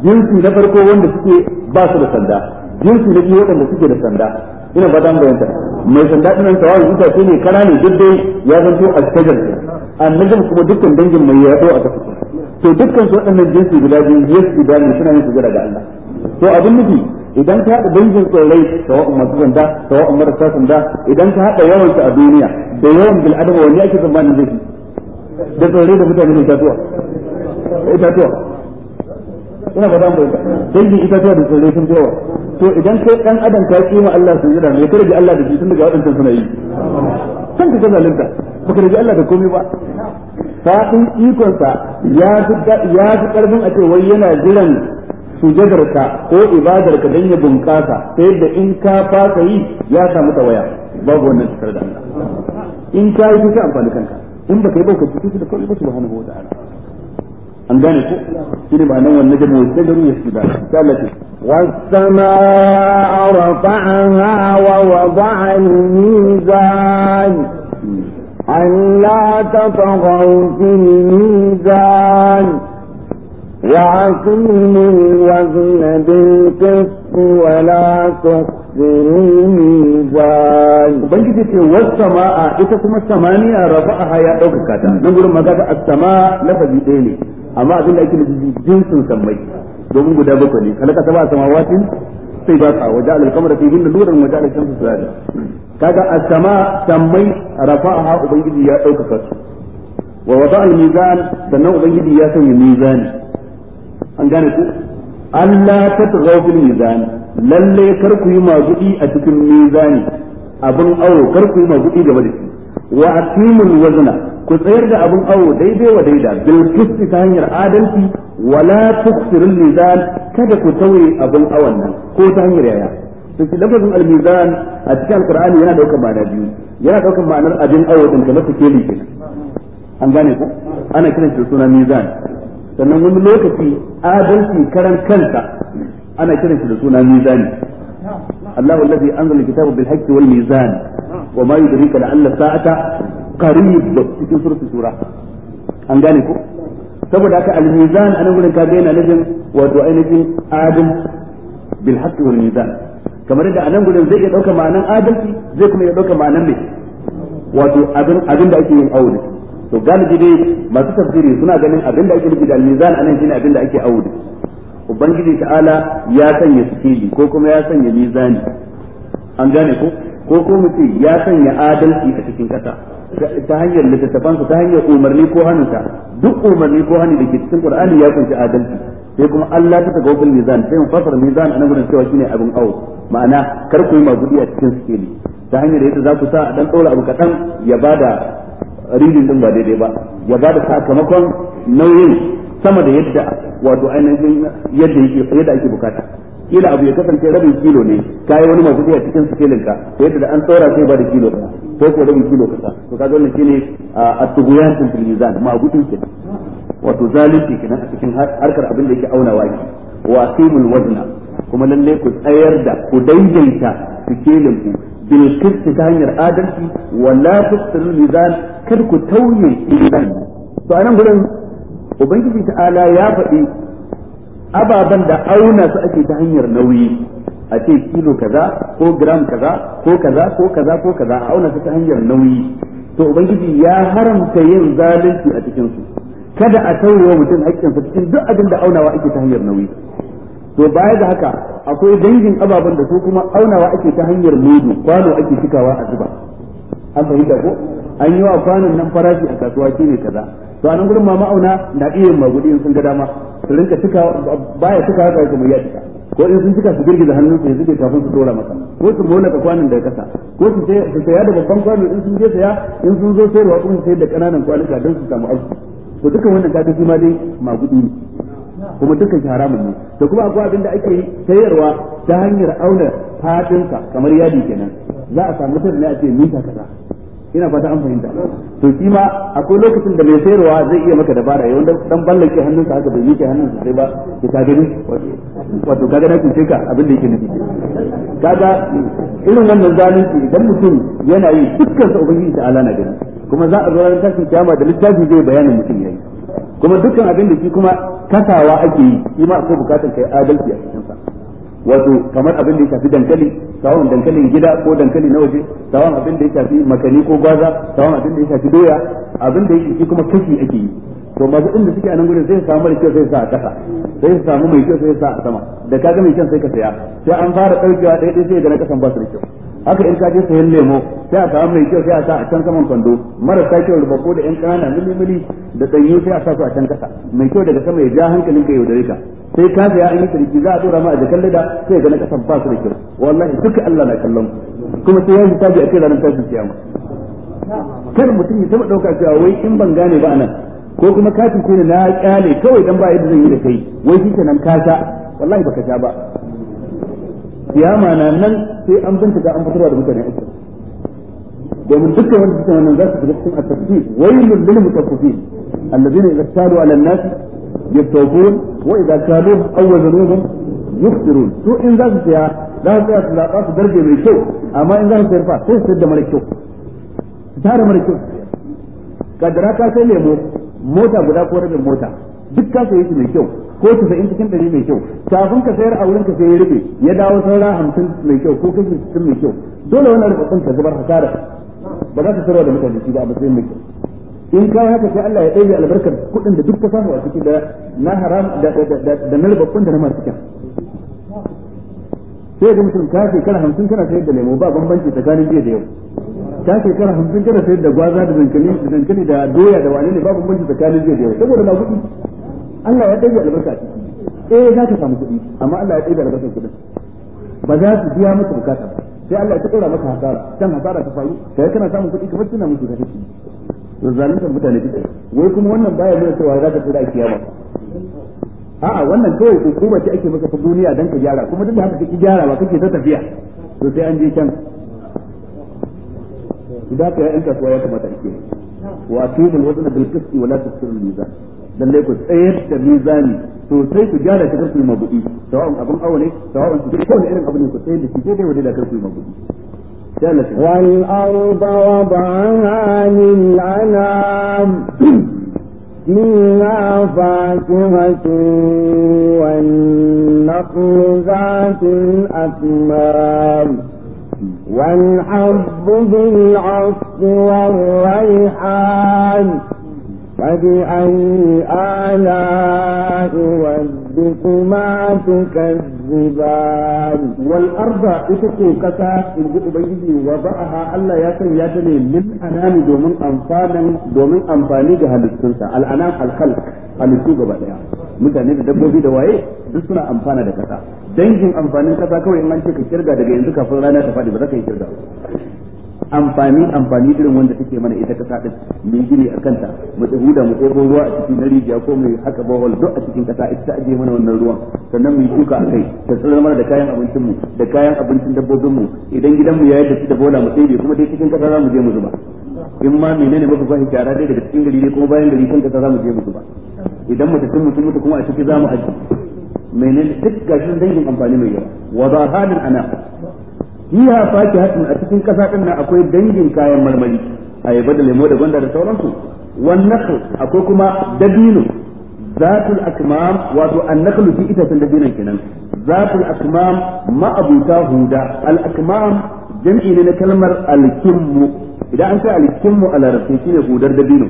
jinsi na farko wanda suke ba su da sanda jinsi na biyu wanda suke da sanda ina ba dan bayanta mai sanda dinan tawari ita ce ne kana ne duk dai ya zanto askajar annajin kuma dukkan dangin mai ya yado a kafa to dukkan su wadannan jinsi guda biyu yes guda ne suna yin sujada daga Allah to abin nufi idan ka haɗa dangin tsirrai sawa'un masu sanda sawa'un marasa sanda idan ka haɗa yawan su a duniya da yawan bil adama wani ake tsammanin zai da tsorai da mutane ne tatuwa itatuwa ina ba dan bayanta dangin itatuwa da tsorai sun fi yawa to idan kai dan adam ka yi ma Allah sujada me ka rage Allah da shi tun daga wadannan suna yi san ka zalunta baka rage Allah da komai ba fadin ikon sa ya fi ya fi karfin a ce wai yana jiran ka ko ibadarka dan ya bunƙasa sai da in ka fasa yi ya samu tawaya babu wannan cikar da Allah in ka yi kuka amfani kanka in baka yi ba ka cikin da kawai ba subhanahu wa ta'ala an gane ko shi ne ma'anar wannan jami'a wasu jaru ya ni da salatu والسماء رفعها ووضع الميزان ألا تطغوا في الميزان وعقيموا الوزن بالقسط ولا تخسروا Ubangiji ce wasu ita kuma samaniya a haya ɗaukaka ta, nan maza magana a sama lafazi ɗaya amma abin da ake nufi jinsin sammai domin guda bakwai ne kalaka sama samawatin sai ba ka waje alkamar fi hinna nuran waje alkamar su zada kaga a sama sammai rafa'aha ubangiji ya ɗaukaka su wa wata al-mizan sannan ubangiji ya sanya mizani an gane ku Allah ta tsaro fil mizan lalle kar ku yi mazuɗi a cikin mizani abin awo kar ku yi mazuɗi game da shi wa aqimul wazna ku tsayar da abin awo daidai wa daida bil qisti ta hanyar adalci wala tuksirul mizan kada ku tauye abin awon nan ko ta hanyar yaya sai lafazin al mizan a cikin alqur'ani yana daukar ma'ana biyu yana daukar ma'anar abin awo din kamar sikeli kenan an gane ku ana kiran shi suna mizan sannan wani lokaci adalci karan kanta ana kiran shi da suna mizani الله الذي أنزل الكتاب بالحق والميزان وما يدريك لعل الساعة qarib cikin suratul shura an gane ko saboda haka al-mizan anan gurin ka ga yana nufin wato ainihin adam bil haqqi wal mizan kamar da anan gurin zai iya dauka ma'anan adalci zai kuma iya dauka ma'anan me wato abin abin da ake yin aure to galibi dai masu tafsiri suna ganin abin da ake nufi da al-mizan anan shine abin da ake aure ubangiji ta'ala ya sanya sikili ko kuma ya sanya mizani an gane ko ko ko mutum ya sanya adalci a cikin kasa ta hanyar littattafansa ta hanyar umarni ko hannunsa duk umarni ko hannu da ke cikin qur'ani ya kunshi adalci sai kuma Allah ta taga wakil mizan sai mu fasara mizan nan gurin cewa shine abin awo ma'ana kar ku yi magudi a cikin ne ta hanyar yadda za ku sa a dan daura abu kaɗan ya bada ridin din ba daidai ba ya bada sakamakon nauyin sama da yadda wato ainihin yadda yadda ake bukata kila abu ya kasance rabin kilo ne ka yi wani mazubi a cikin sikelin ka to yadda da an tsora sai ba da kilo ka to ko rabin kilo ka to kaga wannan shine at-tughyan fil mizan ma abu ke wato zalunci kenan a cikin harkar abin da yake aunawa ki wa aqimul wazna kuma lalle ku tsayar da ku daidaita sikelin ku bil qisti ta hanyar adalci wa la tusiru mizan kar ku tauye mizan to anan gurin ubangiji ta'ala ya faɗi ababen da auna su ake ta hanyar nauyi a ce kilo kaza ko gram kaza ko kaza ko kaza ko kaza a auna su ta hanyar nauyi to ubangiji ya haramta yin zalunci a cikin su kada a wa mutum sa cikin duk abin da aunawa ake ta hanyar nauyi to baya da haka akwai dangin ababen da su kuma aunawa ake ta hanyar mudu kwano ake cikawa a zuba an fahimta ko an yi wa kwanon nan farashi a kasuwa shine kaza to anan gurin ma ma'auna na iya yin magudi in sun ga dama su rinka cika baya cika haka kuma ya cika ko in sun cika su girgiza hannun su suke kafin su dora masa ko su mola ka kwanin daga kasa ko su su saya da babban kwanon in sun je saya in sun zo ruwa kuma sai da kananan kwanuka don su samu aiki to dukan wannan ta shi ma dai magudi ne kuma dukkan shi haramun ne to kuma akwai abin da ake sayarwa ta hanyar auna fadinka kamar yadi kenan za a samu sirri ne a ce mita kaza ina fata an fahimta to shi ma akwai lokacin da mai sayarwa zai iya maka dabara yau dan ballake hannunsa haka bai miƙe hannunsa sai ba to ka gani wato kaga na cuce ka abin da yake nufi kaga irin wannan zalunci idan mutum yana yi dukkan sa ubangiji ta ala na gani kuma za a zo ran tashin kiyama da littafi zai bayanin mutum yayi kuma dukkan abin da shi kuma kasawa ake yi shi ma akwai bukatar kai adalci a cikin sa wato kamar abin da ya shafi dankali sawan dankalin gida ko dankali na waje sawan abin da ya shafi makani ko gwaza sawan abin da ya shafi doya abin da ya shafi kuma kashi ake yi to masu inda suke a nan gudun sai samu mai kyau sai sa a kasa sai su samu mai kyau sai sa a sama da ga mai kyau sai ka saya sai an fara ɗaukewa ɗaya ɗaya sai ga na kasan ba su da kyau haka in ka je sayan lemo sai a samu mai kyau sai a sa a can saman kwando marasa kyau da bako da yan kanana mili-mili da tsanyo sai a sa su a can kasa mai kyau daga sama ya ja hankalin ka da rika sai ka saya an yi kirki za a dora ma a jakar leda sai ga na kasan ba su da kyau wallahi duka Allah na kallon kuma sai ya hisabi a kai ranar tashin kiyama kar mutum ya taba dauka cewa wai in ban gane ba anan ko kuma kafin kuna na kyale kawai dan ba yadda zan yi da kai wai shi kenan ka sha wallahi baka sha ba kiyama na nan sai an bincika an fitarwa da mutane uku domin dukkan wanda suke wannan za su shiga cikin at-tafsir waylun lil mutaffifin alladhina idza talu ala an-nas yastawfun wa idza kalu aw wazanuhum yukhsirun to in za su tsaya za su tsaya su zaɓa su darje mai kyau amma in za su tsaya fa sai su da mara kyau su tara mara kyau kadara ka sai lemo mota guda ko rabin mota duk ka saye shi mai kyau ko in cikin ɗari mai kyau kafin ka sayar a wurin ka sai ya rufe ya dawo saura hamsin mai kyau ko kashi cikin mai kyau dole wannan rubutun ka zubar hasara ba za ka sarwa da mutane shi ba a matsayin mai kyau in kawai haka sai Allah ya ɗaya albarkar kuɗin da duk ka samu a ciki da na haram da na rubutun da na masu kyau sai ga mutum ka shekara hamsin kana sayar da lemo ba bambanci tsakanin jiya da yau ta shekara hamsin kana sayar da gwaza da zankali da doya da wani ne ba bambanci tsakanin jiya da yau saboda na kuɗi Allah ya ɗaya albarka a ciki eh za ka samu kuɗi amma Allah ya ɗaya albarkar kuɗin ba za su biya maka bukata ba sai Allah ya ta ɗora maka hasara kan hasara ta faru kai kana samun kuɗi kamar tuna musu ka kake to zalunta mutane duk wai kuma wannan baya nuna cewa za ka tsira a kiyama a'a wannan kawai hukuma ce ake maka ta duniya dan ka gyara kuma duk da haka kake gyara ba kake ta tafiya to sai an je can idan ka yi ɗan kasuwa ya kamata ake wa aqimul wasu na qisti wa la tusirul mizan lalle ku tsayar da mizani to sai ku gyara ta karfi mabudi sawa'un abun awale sawa'un ku ko wani irin abu ne ku tsayar da shi daidai wadai da karfi mabudi والأرض وضعها للأنام منها فاكهة والنخل ذات الأكمام والحب بالعصف والريحان فبأي آلاء ربكما تكذبان والأرض إتكي كتا إن أبيه وضعها ألا يكن يدني من أنام دومن أنفانا دومن أنفاني جهل السنسة الأنام الخلق halittu gaba mutane da dabbobi da waye duk suna amfana da kasa dangin amfanin kasa kawai in an ce ka kirga daga yanzu kafin rana ta fadi ba za ka yi kirga amfani amfani irin wanda take mana ita kasa din mai gini a kanta mu huda mu ɗebo ruwa a cikin na rijiya ko mu haka bohol duk a cikin kasa ita aje mana wannan ruwan sannan mu yi shuka a kai ta tsara mana da kayan abincin mu da kayan abincin dabbobin mu idan gidan mu yayi da shi da bola mu ɗebe kuma dai cikin kasa za mu je mu zuba in ma menene muka fahimci gyara dai daga cikin gari ne kuma bayan gari kan kasa za mu je mu zuba idan mu tafi mutum mutu kuma a ciki za mu aji menene duk gashin dangin amfani mai yawa wa zahanin ana fiha fakihatun a cikin kasa din nan akwai dangin kayan marmari ayaba da lemo da gwanda da sauransu wan akwai kuma dabino zatul akmam wato annakhlu fi itatan dabinan kenan zatul akmam ma abuta huda al akmam jam'i ne na kalmar al kimmu idan an ce al kimmu a larabci shine hudar dabino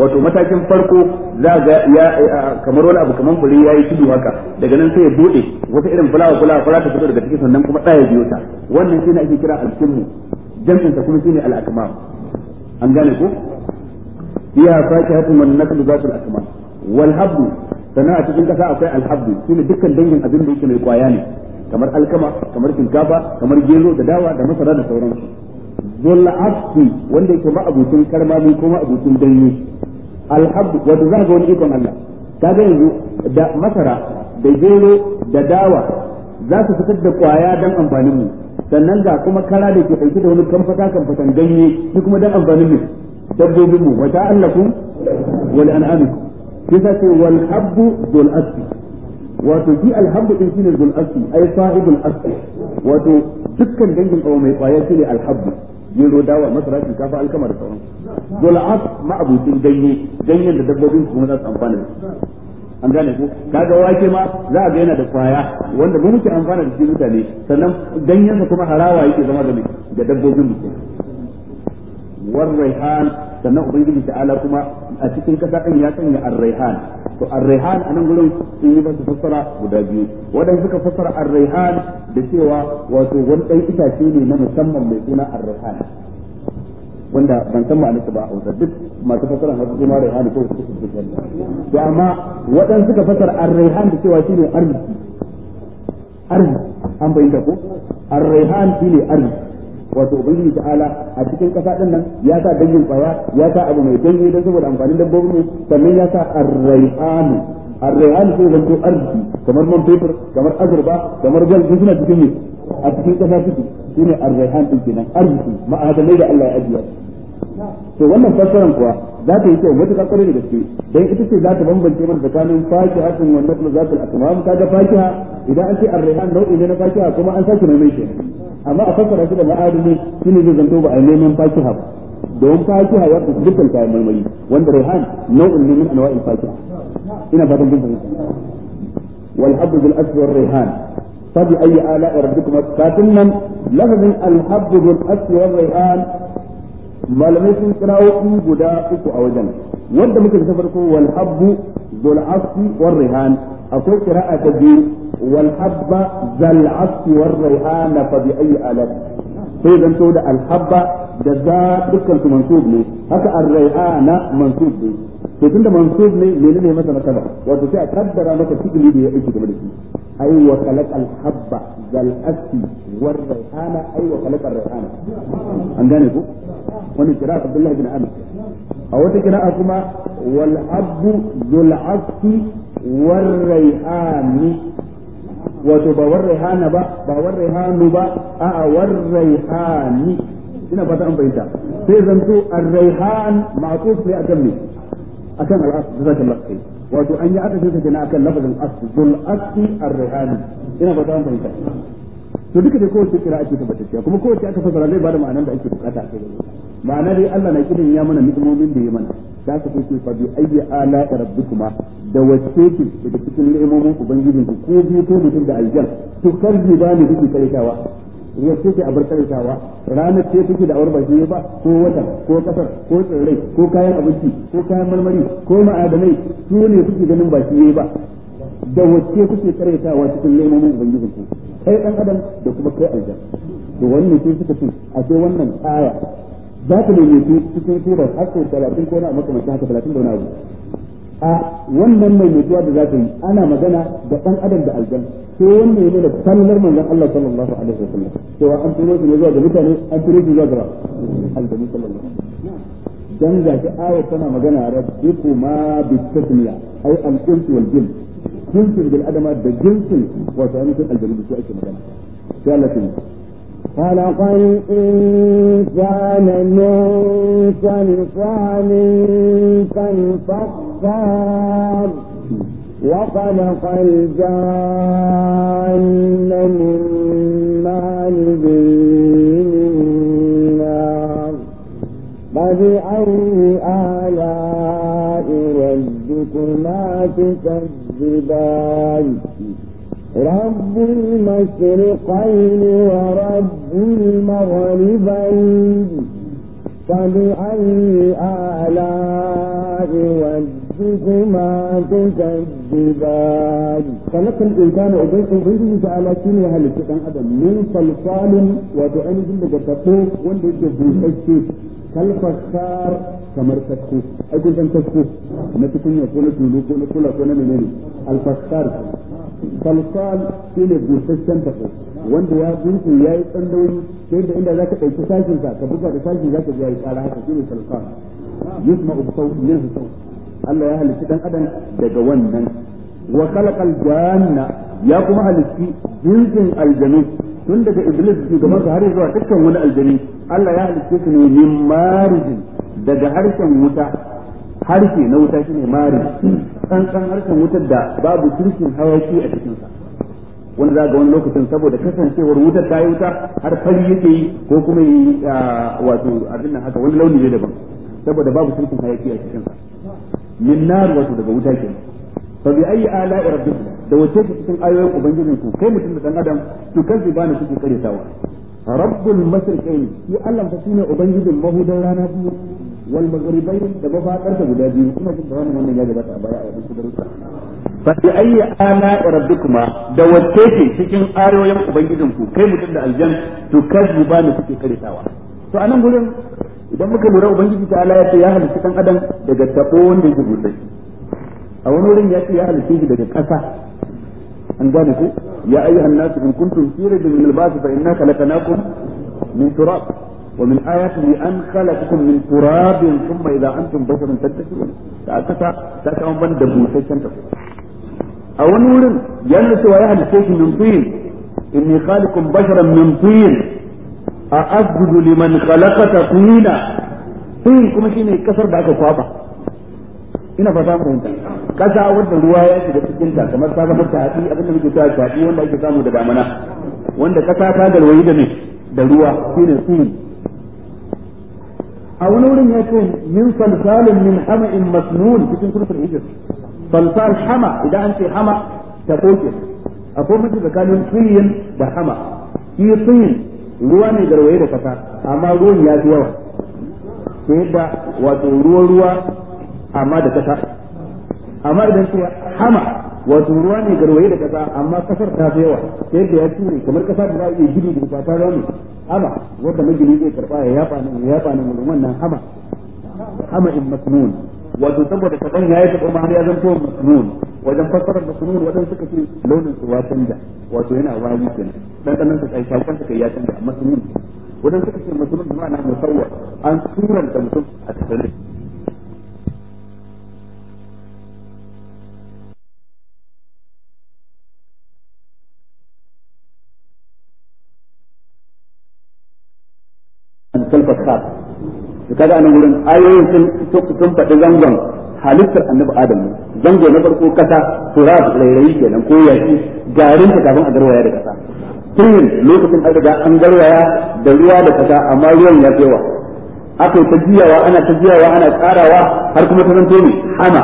wato matakin farko za ga ya eh, ah, kamar wani abu kamar fure yayi tudu haka daga nan sai ya bude wata irin fulawa fulawa fara ta fito daga cikin sannan kuma tsaya biyo ta wannan shine ake kira alkimmu jam'in ta kuma shine al-akmam an gane ko biya fakihatun wan naklu al akmam wal habbu sana'a cikin kasa akwai alhabbu shine dukkan dangin abin da yake mai kwaya ne kamar alkama kamar shinkafa kamar gero da dawa da masara da sauransu zul afi wanda yake ma'abucin karmami ko ma'abucin danye alhab wato za ga wani ikon Allah kaga yanzu da masara da gero da dawa za su fitar da kwaya dan amfanin mu sannan ga kuma kara da ke ɗauke da wani kamfata kamfatan ganye shi kuma dan amfanin mu dabbobin mu wata allakum wal an'amikum yasa ce wal habbu zul asfi wato bi al habbu din shine zul asfi ay sahibul asfi wato dukkan dangin abu mai kwaya shine al habbu gero dawa masara shinkafa alkama da sauran ma ma'abucin ganye ganyen da dabbobin kuma za su amfana da an gane ku kaga wake ma za a ga yana da kwaya wanda mu muke amfana da shi mutane sannan ganyen kuma harawa yake zama da da dabbobin mu والريحان sannan ubangiji ala kuma a cikin kasa din ya sanya ar-rayhan to ar-rayhan anan gurin sun yi masa fassara guda biyu wadanda suka fassara ar-rayhan da cewa wato wani dan itace ne na musamman mai suna ar-rayhan wanda ban san ma'anarsa ba a Hausa duk masu fassara har kuma rayhan ko su su to amma wadanda suka fassara ar-rayhan da cewa shine arziki arziki an bayyana ko ar-rayhan shine arziki wato ubangiji ala a cikin kasa din nan ya sa dangin kwaya ya sa abu mai dangi don saboda amfanin dabbobin mu sannan ya sa arrayanu arrayanu sai zanto arziki kamar man paper kamar azurba kamar gal duk suna cikin ne a cikin kasa suke shine arrayan din kenan arziki ma'adanai da Allah ya ajiye to wannan fassaran kuwa za ta yi kyau matuƙar ƙwarai da gaske don ita ce za ta bambance mana tsakanin fakihatun wa naklu zatul asmam kaga fakiha idan an ce ar-rihan nau'i ne na fakiha kuma an sake mai shi amma a fassara shi da ma'adini shine zai zanto ba a neman fakiha ba don fakiha ya fi dukkan kayan marmari wanda rihan nau'in ne min anwa'il fakiha ina fatan kun fahimta wal habb bil asfar rihan fabi ayi ala rabbikuma katinnan lafazin al habb bil asfar rihan malamai sun kira'o'i guda uku a wajen wanda muke ta farko wal habbu zul asfi war rihan akwai qira'a ta biyu wal habba zal asfi war rihan fa bi ayi alat sai dan to da al habba da za dukkan su mansub ne haka ar rihana mansub ne to tunda mansub ne menene masa nasaba wato sai a kaddara maka fi'ili da ya aiki game da shi ai wa khalaqa al habba zal asfi war rihana ai wa khalaqa ar rihana an gane ko wannan kira Abdullah bin Amr a wata kira kuma wal abdu zul asfi war rayhani wato ba war rayhana ba ba war rayhanu ba a war rayhani ina fata an bayyana sai zanto ar-rayhan ma'tuf ne akan me akan al-asf jazakallahu khair wato an yi aka sai ta akan lafazin asf zul asfi ar-rayhani ina fata an bayyana to duka dai kowace kira ake tabbatacciya kuma kowace aka fasara zai bada ma'anar da ake bukata a kai ma'ana dai Allah na kidan ya mana ni'imomin da ya mana za ka ce fa bi ayyi ala rabbikuma da wacce ki daga cikin ni'imomin ubangijin ku ko bi ko mutum da aljan to karbi ba ne duki karitawa wacce ce abar karitawa ranar ce take da aure ba ba ko wata ko kasar ko tsirrai ko kayan abinci ko kayan marmari ko ma'adanai su ne suke ganin ba shi ba da wacce kuke karyatawa cikin nemomin ubangijin ku kai dan adam da kuma kai aljan to wannan sai suka ce a sai wannan aya za ta nemi su cikin sura har sai 30 ko na makamancin haka 30 da wani a wannan mai mutuwa da za ta yi ana magana da dan adam da aljan sai wannan yana da kallar manzon Allah sallallahu alaihi wasallam cewa an turo shi ne zuwa ga mutane an turo shi zuwa ga aljan sallallahu alaihi wasallam dan gashi ayat tana magana rabbikuma bitasmiya ay al-insu wal jinn jinsin bil adama da jinsin wato ainihin aljanu da su ake magana sai Allah ya خلق الإنسان من صلصال كالفخار وخلق الجان من مال من نار فبأي آلاء ربكما تكذبان الجبال رب المشرقين ورب المغربين فبأي آلاء وجهكما تكذبان خلق الإنسان وبين أبيه تعالى شنو أهل تكن أدم من صلصال وتعين جنب جفتوه وانده يجب kalfasar kamar sakko ai kun san sakko na tukunya ko na tulu ko na kula ko na menene alfasar kalfal shine busasshen tako wanda ya bunku ya yi tsandauri sai da inda zaka ɗauki sashin sa ka buga da sashi zaka ji ya yi tsara haka shine kalfal yusma'u bi sawti minhu sawt Allah ya halitta dan adam daga wannan wa khalaqal janna ya kuma halitti jinsin aljanu tun daga iblis ga sa har zuwa dukkan wani aljani Allah ya halicce su ne min marijin daga harshen wuta harshe na wuta shine marij tsantsan harshen wutar da babu turkin hayaki a cikin sa wani za ga wani lokacin saboda kasancewar wutar ta yi wuta har fari yake yi ko kuma yi wato abin nan haka wani launi ne daban saboda babu turkin hayaki a cikin sa min nar wato daga wuta kenan fa bi ayi ala rabbikum da wace ku cikin ayoyin ubangijin ku kai mutum da dan adam to kan zai bani kuke karetawa rabbul mashriqain shi Allah fa shine ubangijin mahudan rana biyu wal maghribain da mafakar ta guda biyu kuma kun bayanin wannan ya gabata a baya a cikin darussa fa bi ayi ala rabbikuma da wace ce cikin ayoyin ubangijin ku kai mutum da aljan to kan zai suke kuke tawa. to anan gurin idan muka lura ubangiji ta ala ya ce ya halitta dan adam daga tabo wanda yake gutsai a wani wurin ya ce ya halitta shi daga ƙasa an gane ku ya ayyuha nasu in kuntum fi raybin min al-ba'th fa inna khalaqnakum min turab wa min ayatihi an khalaqakum min turabin thumma idha antum basharun tattaqun ta kasa ta kawo ban da busasshen ta a wani wurin ya nuna wa ya halitta shi min tuyin inni khaliqum basharan min tuyin a asjudu liman khalaqata tuyina tuyin kuma shine kasar da aka kwaba ina fata mu fahimta kasa wanda ruwa ya shiga cikin ta kamar ta zama tafi abin da muke cewa tafi wanda ake samu da damana wanda kasa ta garwayi da ne da ruwa ne su a wani wurin ya ce min salsalin min hama in masnun cikin kurfin hijir salsal hama idan an ce hama ta koke ko mace tsakanin suyin da hama shi suyin ruwa ne garwaye da kasa amma ruwan ya fi yawa sai yadda wato ruwa ruwa amma da kasa amma idan cewa hama wato ruwa ne garwaye da kasa amma kasar ta fi yawa yadda ya ture kamar kasa da za a iya gini da ta rami hama wanda magini zai karba ya yafa nan ya yafa nan wannan hama hama in masnun wato saboda kadan ya yi ta kuma har ya zanto masnun wajen fassarar masnun wadan suka ce launin su ya da wato yana wani kenan dan kanan ta kai shafan ta kai ya canja masnun wadan suka ce masnun da ma'ana musawwar an da mutum a tsare kaga anan gurin ayoyin sun sun faɗi zangon halittar annabi adamu zango na farko kasa turab rairayi kenan ko yaki garin ta kafin a garwaya da kasa tun lokacin an riga an garwaya da ruwa da kasa amma ruwan ya kaiwa aka ta jiyawa ana ta jiyawa ana karawa har kuma ta zanto ne hama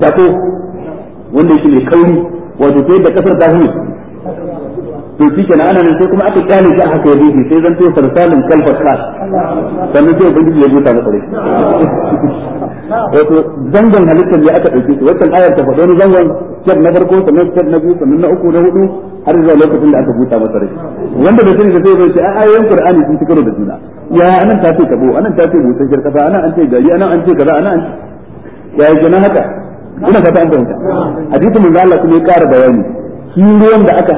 tako wanda yake mai kauri wato sai da kasar ta to shi kenan ana nan sai kuma aka kyale shi haka ya rufe sai zan to sarsalin kalfar kas sannan sai ubangiji ya buta masa rai wato zangon halittar ya aka dauke su wannan ayar ta faɗo ni zangon step na farko sannan step na biyu sannan na uku na hudu har zuwa lokacin da aka buta masa rai wanda bai sani da zai bai ce a ayoyin qur'ani sun ci karo da juna ya anan ta ce kabo anan ta ce busasshiyar fa anan an ce gari anan an ce kaza anan an ya yi haka ina fata an fahimta hadisin manzo Allah kuma ya ƙara bayani shi ruwan da aka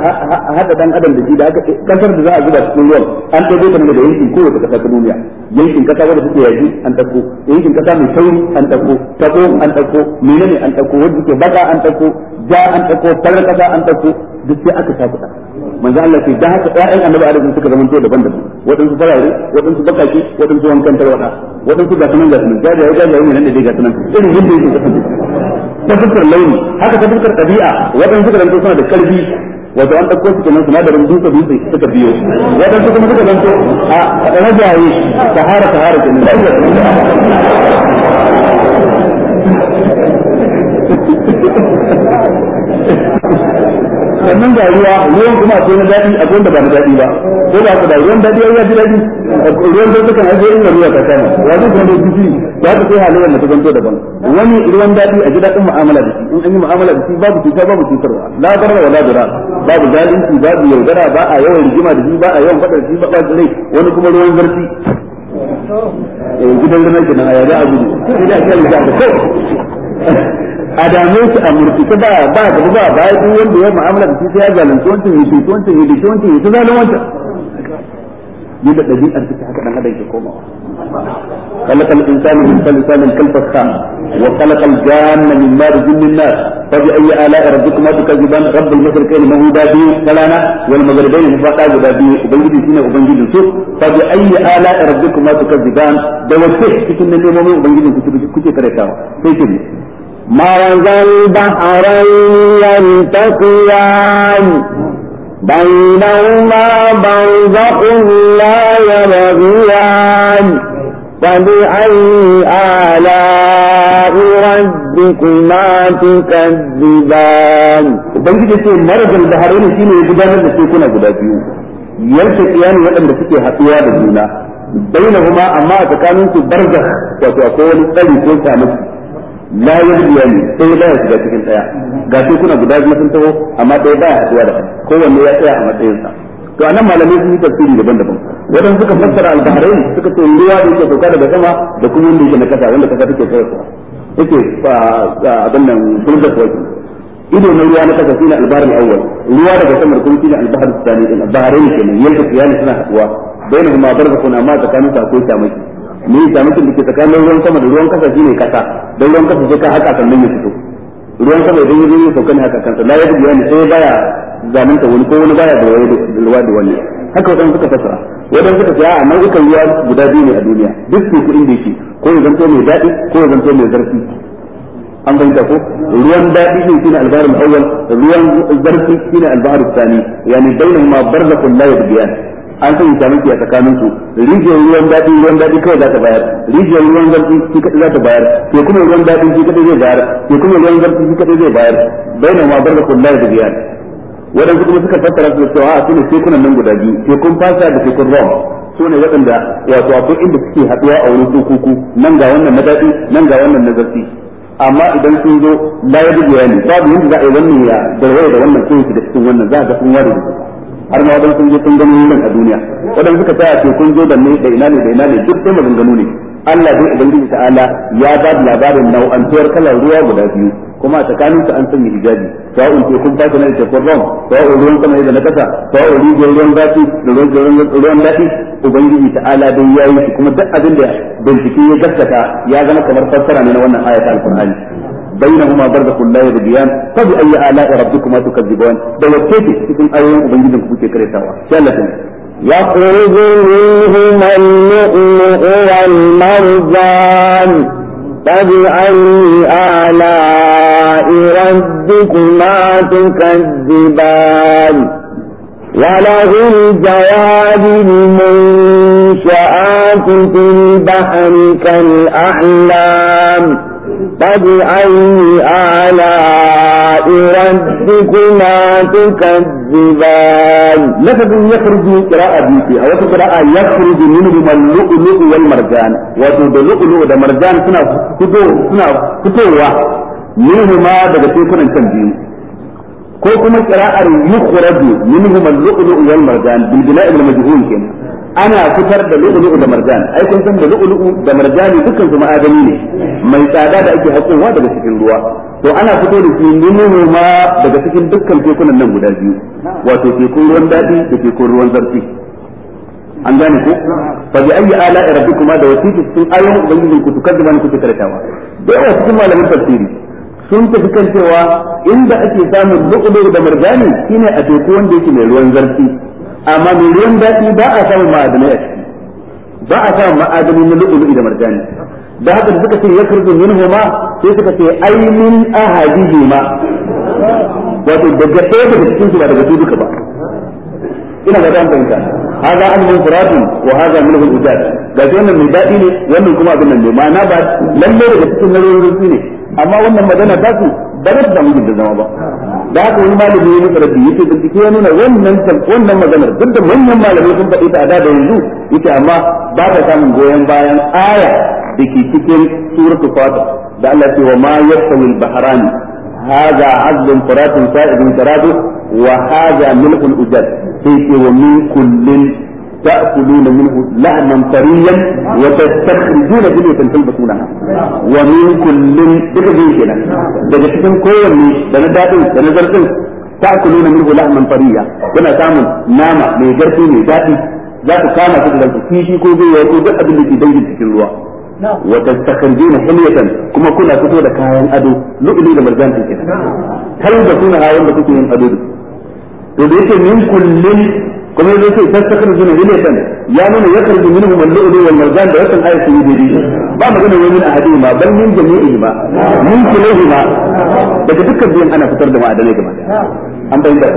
hada dan adam da shi da aka kasar da za a zuba cikin ruwan an ɗago ta daga yankin ko wata kasa ta duniya yankin kasa wanda suke yaji an ɗauko yankin kasa mai sauri an ɗauko tabo an ɗauko menene an ɗauko wanda suke baka an ɗauko ja an ɗauko farar kasa an ɗauko duk sai aka takuta manzo Allah sai da haka ƴaƴan annabi Adam suka zama to daban-daban waɗansu farare waɗansu bakaki waɗansu wankan tarwada waɗansu ga sunan ga sunan jajaye jajaye ne nan da dai ga sunan irin yadda yake kasance ta fuskar launi haka ta fuskar ɗabi'a waɗansu suka zanto suna da ƙarfi wato an ɗauko su kenan sinadarin dutse dutse suka biyo waɗansu kuma suka zanto a rajaye sahara sahara kenan sannan ga ruwa ruwan kuma akwai na daɗi akwai da ba na daɗi ba ko ba ka da ruwan daɗi ya ji daɗi ruwan da suka haɗe inda ruwa ta kama ya ji kuma da jiki ya ta kai halayen da ta zanto daban wani ruwan daɗi a ji daɗin mu'amala da shi in an yi mu'amala da shi babu cuta babu cutarwa la darra wa la dara babu zalunci babu yaudara ba a yawan rigima da shi ba a yawan faɗa da shi ba ba zai wani kuma ruwan zarfi eh, gidan gana kenan a yaga a gudu sai da ake yi da kai a dame su a mulki ta ba ba ga ba ba duk wanda ya mu'amala da shi ya zalunta wancan yi shi wancan yi shi wancan yi ta zalunta wancan ni da dabi a cikin haka dan hada yake komawa kalakal insani min kalakal kalfat kham wa kalakal janna min marjin min nar fa bi ayyi ala rabbikuma tukadziban rabbul mashriqayn mahudabi kalana wal maghribayn fa qadabi ubangiji shine ubangiji su fa bi ayyi ala rabbikuma tukadziban da wace cikin nemomin ubangiji kuke kare ta sai ke مرج البحرين يلتقيان بينهما برزق لا يبغيان فبأي آلاء ربكما تكذبان Ubangiji ce marajin da harina shi ne ya gudanar da tekuna guda biyu, yanke tsiyani waɗanda suke haɗuwa da juna, bai kuma amma tsakanin tsakaninsu barzakh wato wani tsari ko kwanaki la yahdiya ne sai da ya shiga cikin tsaya ga shi kuna guda biyu sun taho amma ɗaya baya haɗuwa da kai kowanne ya tsaya a matsayinsa to anan malamai sun yi tafsiri daban-daban wadan suka fassara al-bahrain suka ce ruwa da yake sauka daga sama da kuma wanda yake na kasa wanda kasa take kai kuwa yake abin nan sulga sauki ido na ruwa na kasa shine al-bahrain awwal ruwa daga sama kuma shine al-bahrain tsani al-bahrain kenan yanka kiyani suna haɗuwa barka kuna ma tsakanin su akwai shamaki ne ya samu da ke tsakanin ruwan sama da ruwan kasa shine kasa dan ruwan kasa sai ka haka sannan ya fito ruwan sama idan ya zo ya sauka ne haka kansa la ya biya ne sai baya zalunta wani ko wani baya da ruwa da wani haka wadan suka fasara wadan suka ce a nau'ikan ruwa guda biyu ne a duniya duk su kuɗin da yake ko ya zanto mai daɗi ko ya zanto mai zarfi an fahimta ko ruwan daɗi ne shine albarin awwal ruwan zarfi shine albarin tsani yani bainahuma barzakhun la yabghiyan an sanya shamaki a tsakanin su rijiyar ruwan daɗi ruwan daɗi kawai za ta bayar rijiyar ruwan zarfi shi kaɗai za ta bayar ke kuma ruwan daɗi shi kaɗai zai bayar ke kuma ruwan zarfi shi kaɗai zai bayar na ma bar da kullar da biyar waɗansu kuma suka tattara su da cewa a sune tekunan nan guda biyu kun fasa da tekun rom su ne waɗanda wato akwai inda suke haɗuwa a wurin kuku nan ga wannan na daɗi nan ga wannan na zarfi amma idan sun zo la ya dubiya ne babu yadda za a yi wannan ya da da wannan sun da cikin wannan za a ga sun ware da har ma wadansu sun je sun gano wurin a duniya wadansu suka tsaya ce kun zo da ne da ina ne da ina ne duk sai maganganu ne Allah dai ubangiji ta'ala ya ba da labarin nau'antuwar kalar ruwa guda biyu kuma a tsakanin su an sanya hijabi sawa'un ce kun fata na tekun rom sawa'un ruwan sama yadda na kasa sawa'un rijiyar ruwan zafi da ruwan zafi ubangiji ta'ala dai ya yi kuma duk abin da bincike ya gaskata ya zama kamar fassara ne na wannan ayatul alqur'ani بينهما برزخ لا يبغيان فبأي آلاء ربكما تكذبان ده وكيف cikin ayoyin ubangijin ku kuke karantawa يخرج منهما اللؤلؤ والمرجان فبأي آلاء ربكما تكذبان وله الجواب المنشآت في البحر كالأعلام فبأي آلاء ربكما تكذبان لفظ يخرج من قراءة بيتي أو قراءة يخرج منهما اللؤلؤ والمرجان وتود اللؤلؤ والمرجان سنة كتوة سنة فتوة منهما دقتين كنا نكمل ko kuma qira'ar yukhraju minhum al-lu'lu'u wal marjan bil bina'i al majhul kenan ana fitar da lu'lu'u da marjan ai kun san da lu'lu'u da marjani dukkan su ma'adani ne mai tsada da ake hakowa daga cikin ruwa to ana fito da shi minhu ma daga cikin dukkan tekunan nan guda biyu wato tekun ruwan dadi da tekun ruwan zarfi an gane ko fa bi ayyi ala rabbikuma da wasiti sun ayoyin ubangijin ku tukaddiban ku tukartawa da yawa cikin malamin tafsiri sun tafi kan cewa inda ake samun lu'lu'u da marjani shine a teku wanda yake mai ruwan zarfi amma mai ruwan daɗi ba a samun ma'adanai a ciki ba a samun ma'adanai na lu'ulu'i da marjani da haka da suka ce ya kurdu min huma sai suka ce ai min ahadihima wato daga ɗaya daga cikin su ba daga su duka ba ina ga ɗan fahimta haza an min furatun wa haza min hul ujad ga wannan mai daɗi ne wannan kuma abin nan ne ma'ana ba lallai daga cikin nazarin ne amma wannan magana ta su ba za su samu gindin zama ba da haka wani malami ya rabbi yake bincike ya nuna wannan wannan maganar duk da manyan malamai sun faɗi ta a da yanzu yake amma ba ta samun goyon bayan aya da ke cikin suratul fatiha da Allah ce wa ma yasawi al hadha azbun furatun sa'idun karadu wa hadha milhun ujad sai ce wa min kullin تأكلون منه لحما طريا وتستخرجون جلية تلبسونها ومن كل duka biyu kenan daga cikin kowanne da na daɗin da na zarfin ta'kuluna minhu lahman tariya yana samun nama mai garfi mai daɗi za ku kama shi da kishi ko gwiwa ko duk abin da ke dangin cikin ruwa wa tastakhrijuna hilyatan kuma kuna fito da kayan ado lu'lu da da kuma yanzu sai ta sakar ne hilatan ya nuna ya karbi minhu mallu'u wal marjan da wannan ayatu ne dai ba magana wai min ahadi ma ban min jami'i ma min kullihi ma daga dukkan biyan ana fitar da ma'adanai gaba an bai da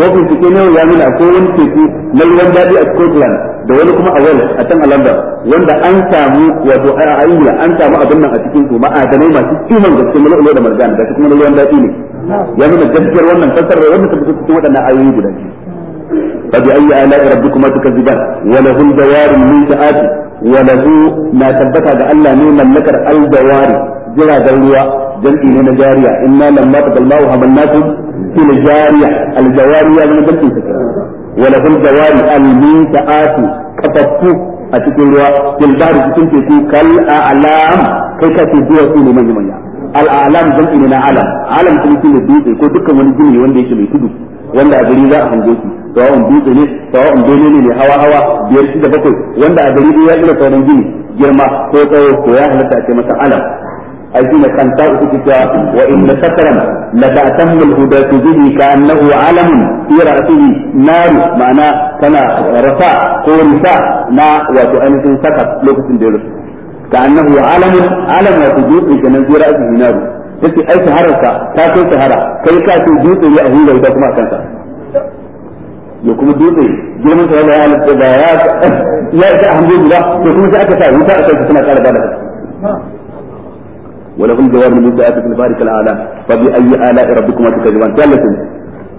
ko kun cike ne ya nuna ko wani teku na ruwan dadi a Scotland da wani kuma a Wales a can a London wanda an samu wato a Ingila an samu abin nan a cikin su ma'adanai masu kiman gaske mallu'u da marjan da kuma ruwan dadi ne ya nuna gaskiyar wannan fasar da wanda ta fito cikin waɗannan ayoyi guda biyu فبأي آلاء ربكما تكذبان وله الجوار المنشآت وله ما ثبت على الله جرى هنا جارية إنا لما في الجارية الجوارية من وله ne na alam alam kuma shine dutse ko dukkan wani gini wanda yake mai tudu wanda a gari za a shi sawa'un dutse ne sawa'un bene ne hawa hawa biyar shida bakwai wanda a gari ya ira sauran gini girma ko tsawo ko ya halatta a ce masa alam ai shi ne kan ta'u suke cewa wa inna sataran la ta'tammu al-hudatu bihi ka'annahu alamun fi ra'sihi nar ma'ana kana rafa ko risa na wato ainihin saka lokacin da ya rasu ka'annahu alamun alam wato dutse kenan fi ra'sihi nar take harar shahararsa ta kai shahara kai ka ce dutse ya a hura da kuma kansa ya kuma dutse girman sa ya halitta da ya ya ta alhamdulillah to kuma sai aka sa wuta a kai suna ƙara bada ولهم جواب المبدعات في البارك الأعلى فبأي آلاء ربكما تكذبان ثالثا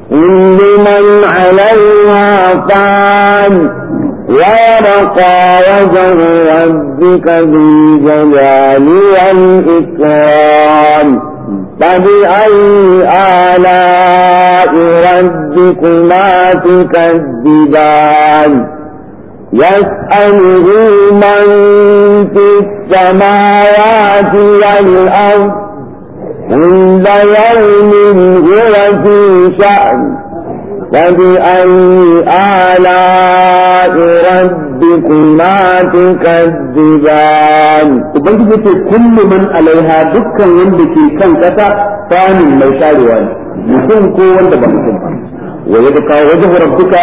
كل من عليها فان ورقى وجه ربك ذي جلال والإكرام فبأي آلاء ربكما تكذبان يسأله من في السماوات والأرض كل يوم هو في شأن فبأي آلاء ربكما تكذبان وبنجد كل من عليها دكا يملكي كان كتا ثاني ما يشاري mutum ko wanda ba mutum ba wa ya duka wajen rabbuka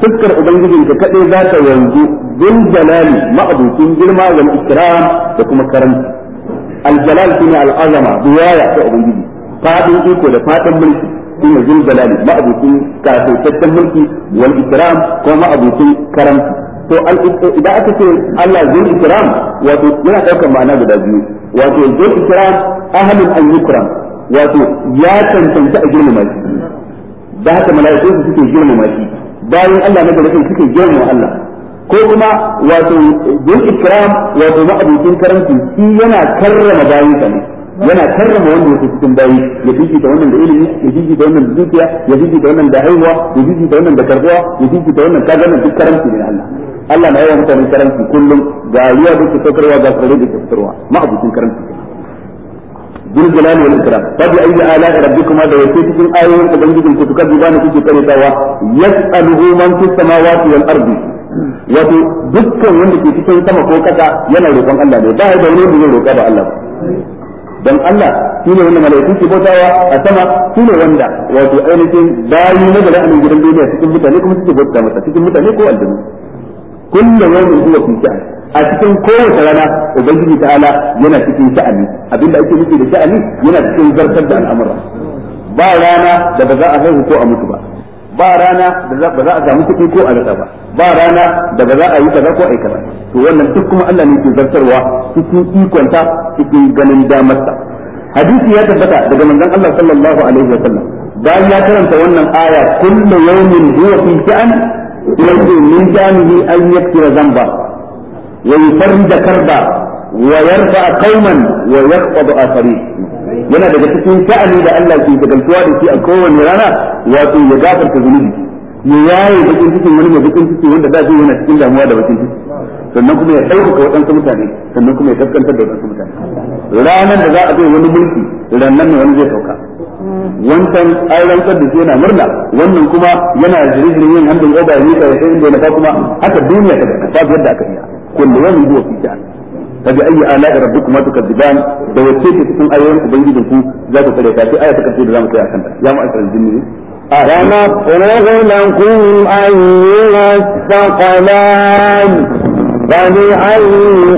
fuskar ubangijin ka kadai za ta yanzu bil jalali ma'abucin girma wal ikram da kuma karanci al jalal ta ubangiji fadin iko da fatan mulki shi ne zul jalali ma'abucin kasaitaccen mulki wal ikram ko ma'abucin karamci to idan aka ce Allah zul ikram wato yana daukar ma'ana guda biyu wato zul ikram ahlul an yukram wato ya cancanta a girmama shi da haka mala'iku su suke girmama shi bayan Allah na gaba suke girmama Allah ko kuma wato zul ikram wato ma'abucin karamci shi yana karrama bayan sa ne yana karrama wanda yake cikin bayi ya jiji da wannan da ilimi ya jiji da wannan da dukiya ya jiji da wannan da haihuwa ya jiji da wannan da karbuwa ya jiji da wannan kaga nan duk karanci ne Allah Allah na yawan mutane karanci kullum ga ruwa da ke saukarwa ga tsare da ke fitarwa ma'abucin karanci bil jalali wal ikram tabi ayi ala rabbikuma da yake cikin ayoyin ubangijin ku tuka duba ne kuke karetawa yas'aluhu man fis samawati wal ardi wato dukkan wanda ke cikin sama ko kasa yana roƙon Allah ne ba ya da wani da zai roƙa da Allah don Allah ne wanda malaiku ke bautawa a sama ne wanda wato ainihin bayi na gari a gidan duniya cikin mutane kuma suke bauta masa cikin mutane ko aljanu kullum wani huwa fi sha'an a cikin kowace rana ubangiji ta'ala yana cikin sha'ani abinda ake nufi da sha'ani yana cikin zartar da al'amura ba rana da ba za a haihu ko a mutu ba ba rana da ba za a samu kuɗi ko a rasa ba ba rana da ba za a yi kaza ko a yi kaza to wannan duk kuma Allah ne ke zartarwa cikin ikonta cikin ganin damarsa hadisi ya tabbata daga manzon Allah sallallahu alaihi wa sallam bayan ya karanta wannan aya kullu yawmin huwa fi sha'an yanzu min sha'anihi an yakfira zamba wa yufarrija karba wa yarfa qauman wa yaqbadu akharin yana daga cikin sha'ani da Allah ke dagaltuwa da shi a kowane rana wato ya gafarta zunubi ya yaye bakin cikin wani mai bakin cikin wanda ba zai yana cikin damuwa da bakin ciki sannan kuma ya ɗaukaka waɗansu mutane sannan kuma ya kaskantar da waɗansu mutane ranar da za a zai wani mulki rannan ne wani zai sauka wancan an rantsar da shi yana murna wannan kuma yana jirgin yin hannun oba ya mika ya sai inda na kuma haka duniya ta ga ta yadda aka iya kullum wani zuwa fi sha'ani wa bi ayyi duk rabbikuma tukadziban da wace ce cikin ayoyin ubangijin ku za ku kare ta sai aya ta karshe da zamu kai akan ta ya mu jinni لكم أيها الثقلان فبأي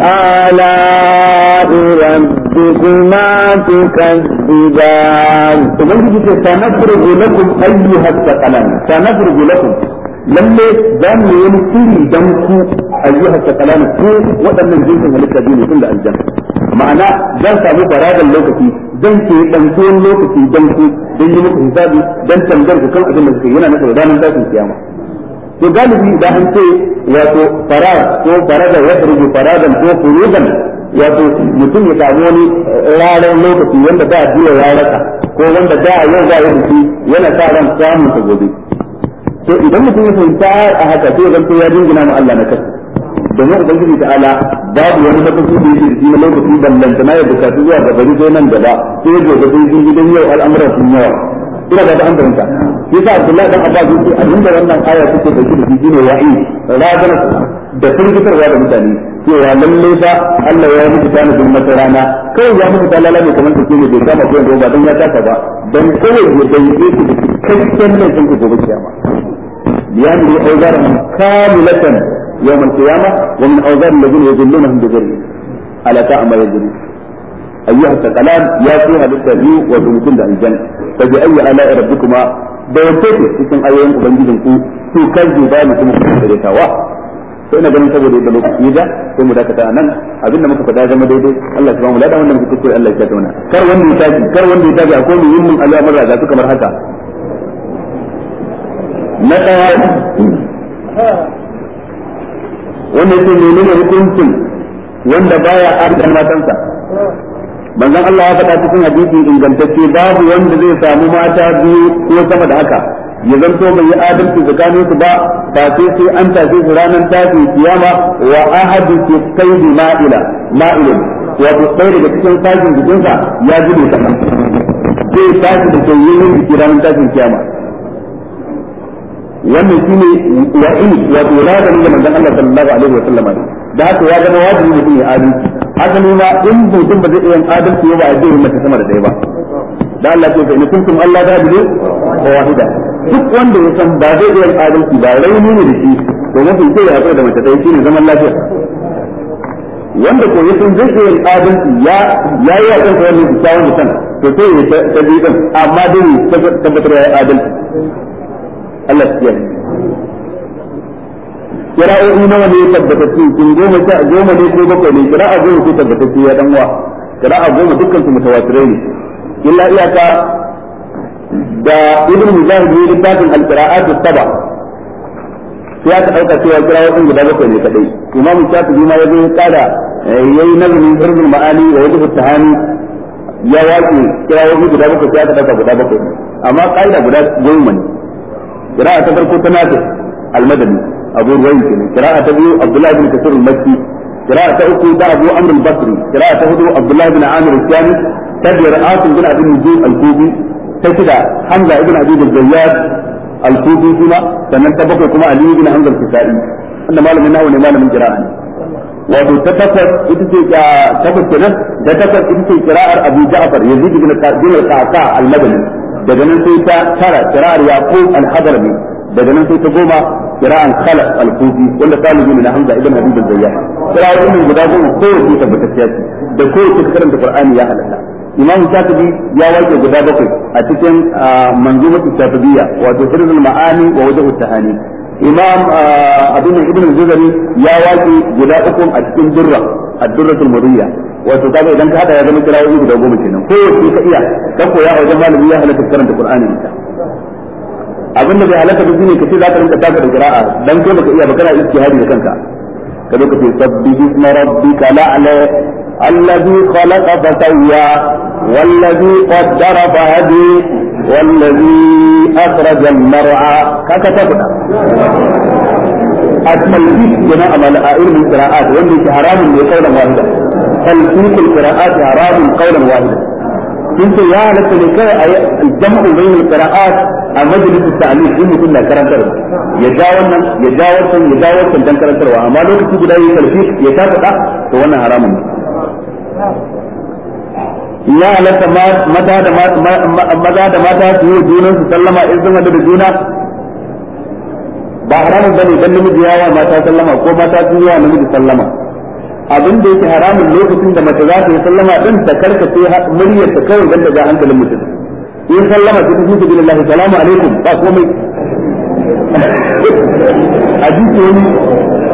آلاء ربكما تكذبان ومن يجي سنفرغ لكم أيها الثقلان سنفرغ لكم lalle za mu yi wani shiri dan ku ayyuha sakalan ko waɗannan jinsin halitta biyu ne tun da aljanna ma'ana zan samu baradan lokaci zan ke dan tsohon lokaci dan ku don yi muku hisabi dan tambayar ku kan abin da suke yana na tsaudanin zafin kiyama to galibi da an ce wato farad ko farada ya furge faradan ko furudan wato mutum ya samu wani eh, ranar lokaci wanda ba a biya ya ko wanda ba da yau za a yi yana sa ran samun ta gobe to idan mutum ya fahimta a haka sai zanto ya dingina ma Allah na kansa domin ubangiji ta ala babu wani lokaci da yake shi lokaci ballanta na ya zuwa ga bari nan gaba sai ya yau al'amuran sun yawa ina ba an fahimta shi sa Abdullahi dan Abbas yake abinda wannan aya take da shi wa'i da sun da mutane cewa lalle ba Allah ya mutu tana duk mata rana kawai ya mutu tana lalle kamar take ne bai kama ko ba dan ya taka ba dan kawai ya dai yake da nan sun gobe ليعملوا اوزارهم كاملة يوم القيامة ومن اوزار الذين يذلونهم بذلهم ألا تعمل الذنوب أيها الثقلان يا فيها للتهيئ وزمكم ده الجنة فبأي آلاء ربكما بيرتفع اسم أيام أبنجيهم في في كل جبال ثم تحرك واه فإن جنة ولد له كيدا ثم ذاك تأمن أبننا ما كفدا جمع ديدي الله سبحانه لا دعونا من كتير الله يكتبنا كر وندي تاجي كر وندي تاجي أقول يوم من الله مرة ذاتك مرهاتا na ɗaya wanda yake menene hukuncin wanda baya arzikin matansa manzon Allah ya faɗa cikin hadisi ingantacce babu wanda zai samu mata biyu ko sama da haka ya zanto bai yi adalci tsakanin su ba ba sai sai an tafi su ranar tashin kiyama wa ahadu ke kai da ma'ila ma'ila wato ɗaya daga cikin sashin jikinsa ya ji ne sama zai tashi da ke yin jiki ranar tashin kiyama wannan shine wa ilmi wa uladan da manzon Allah sallallahu alaihi wa sallama da haka ya zama wajibi mutum ya adalci asali ma in mutum ba zai iya adalci ba a jirin mace sama da ɗaya ba da Allah ce ne kuntum Allah da bilu ba wahida duk wanda ya san ba zai iya adalci ba rauni ne da shi domin sun ce ya haɗu da mace shi ne zaman lafiya wanda ko ya san zai iya adalci ya ya yi akan sa da kyakkyawan mutum to sai ya tabi din amma dai tabbatar ya adalci Allah ya yi kira'o'i nawa ne tabbatattu kin goma sha goma ne ko bakwai ne kira'a goma ko ce ya dan wa kira'a goma dukkan su mutawatirai ne illa iyaka da ibn mujahid ne littafin al as saba sai aka dauka cewa kira'o'in guda bakwai ne kadai imamu shafi'i ma yazo ya kada eh, yayi nazarin irin ma'ani da wajhu tahani ya wace kira'o'i guda bakwai sai aka dauka guda bakwai amma kaida guda goma ne قراءة تفرقوا تنافس المدني أبو رويل كنا قراءة تبيو عبد الله بن كثير المكي قراءة أخو دا أبو أمر البصري قراءة هدو عبد الله بن عامر الثاني تبير آسم بن أبي النجوم الكوبي تكدا حمزة بن عبيد الزياد الكوبي كما سنن تبقى كما علي بن حمزة الكسائي أن مال من نحو مال من قراءة وابو ta إتسي ita ce ta takwas kenan ta takwas ita ce kira'ar Abu daga nan sai ta tara qira'ar yaqub al-hadrami daga nan sai ta goma qira'an khalaf al-kufi wanda talibi ne na hamza ibn habib al-zayyah qira'ar ibn guda goma ko su tabbatacciya ce da ko yake karanta qur'ani ya halatta imam shatibi ya wace guda bakwai a cikin manzumatu shatabiyya wato sirrul ma'ani wa wajhu tahani imam abin ibn al-juzari ya wace guda uku a cikin durra ad-durratul mudiyya wato kaga idan ka hada ya zama kira guda goma kenan ko wace ka iya ka koya a wajen malami ya halatta karanta qur'ani abin da bai halatta ba shine kace zaka rinka taka da qira'a dan kai baka iya ba kana ijtihadi da kanka ka zo ka ce sabbi isma rabbika la'ala alladhi khalaqa fa sawwa والذي قدر فهدي والذي أخرج المرعى ككتبنا asibiti da na amma a irin kira a ko a ko haramun kawlan watu tun da na ta ta'annin tun na ya dawo nan ya dawo son dan karantarwar amma lokaci guda yana ta da to wannan haramun ba. yana da mata da mata ta yi wa duniya sallama tsallama in zanga da juna ba haramun bane dan namiji yawa mata sallama ko mata sun yawa namiji sallama abin da yake haramun lokacin da mace za ta yi sallama din ta karkace muryar ta kawai dan daga hankalin mutum in sallama ta tafi billahi salamu alaikum ba komai a jike wani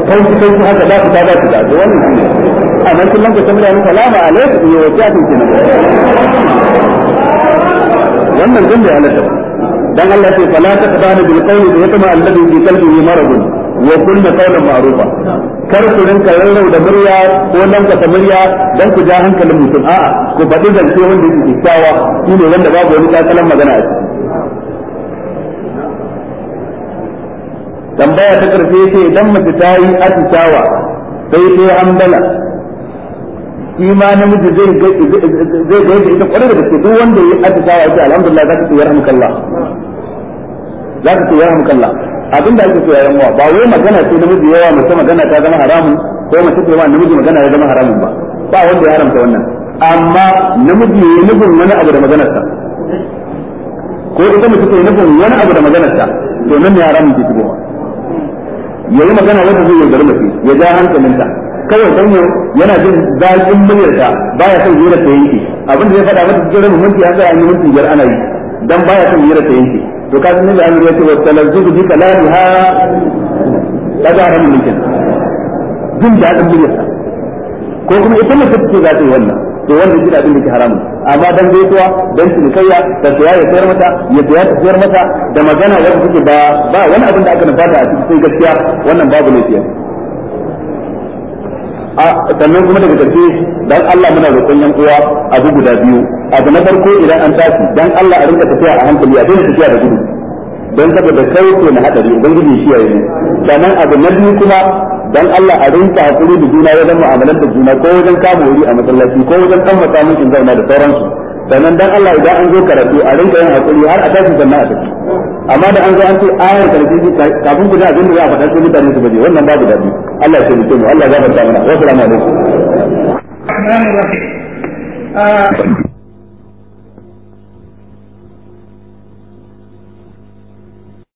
kauci su haka za ku ta ba ku da da wannan shi nan kullum ka tambaya ni salamu alaikum ya a kin kenan wannan din da ya halatta dan Allah ce fala taqdana bil qawli da yatama alladhi fi qalbihi maradun wa kullu qawlan ma'rufa kar ku rinka rarrau da murya ko nan ka murya dan ku ja hankalin mutum a'a ku faɗi zance wanda yake kyakkyawa shine wanda babu wani takalan magana a ciki tambaya ta karfe ce idan mace ta yi sai sai ambala shi ma namiji zai zai zai ita zai zai zai duk wanda ya zai zai zai zai zai zai yarhamukallah za ka ce ya hamkalla abinda ake so yayan wa ba wai magana ce namiji yawa mace magana ta zama haramun ko mace ce yawa namiji magana ya zama haramun ba ba wanda ya haramta wannan amma namiji ya nufin wani abu da ta ko ita mace ce nufin wani abu da ta to nan ne haramun ke tubo ya yi magana wanda zai yaudari ce ya ja ta kawai don yau yana jin zafin ta baya son hira ta yanke abin da ya faɗa mata cikin rabin minti har sai an yi minti biyar ana yi dan baya son yi ta yanke to ka san da an yi wa talazzu bi kalamiha kaga haramun ne jin da an yi ko kuma ita mace ce za ta yi wannan to wannan shi da abin da ke haramun amma dan kuwa dan cinikayya da saya ya sayar mata ya saya ta mata da magana wanda take ba ba wani abin da aka nufata a cikin gaskiya wannan babu ne kenan sannan kuma daga karshe dan Allah muna roƙon yan uwa abu guda biyu abu na farko idan an tashi dan Allah a rinka tafiya a hankali a daina tafiya da gudu dan saboda sauke na hadari ubangiji shi yi sannan abu na biyu kuma dan Allah a rinka hakuri da juna wajen mu'amalar da juna ko wajen kama wuri a masallaci ko wajen kan mutanen zauna da sauransu sannan dan Allah idan an zo karatu a rinka yin hakuri har a tashi sannan a tafi amma da an zo an ce ayar karfi kafin ku da abin da za a faɗa su mutane su baje wannan babu daɗi Allah ya taimake mu Allah ya gafarta mana wa salamu alaikum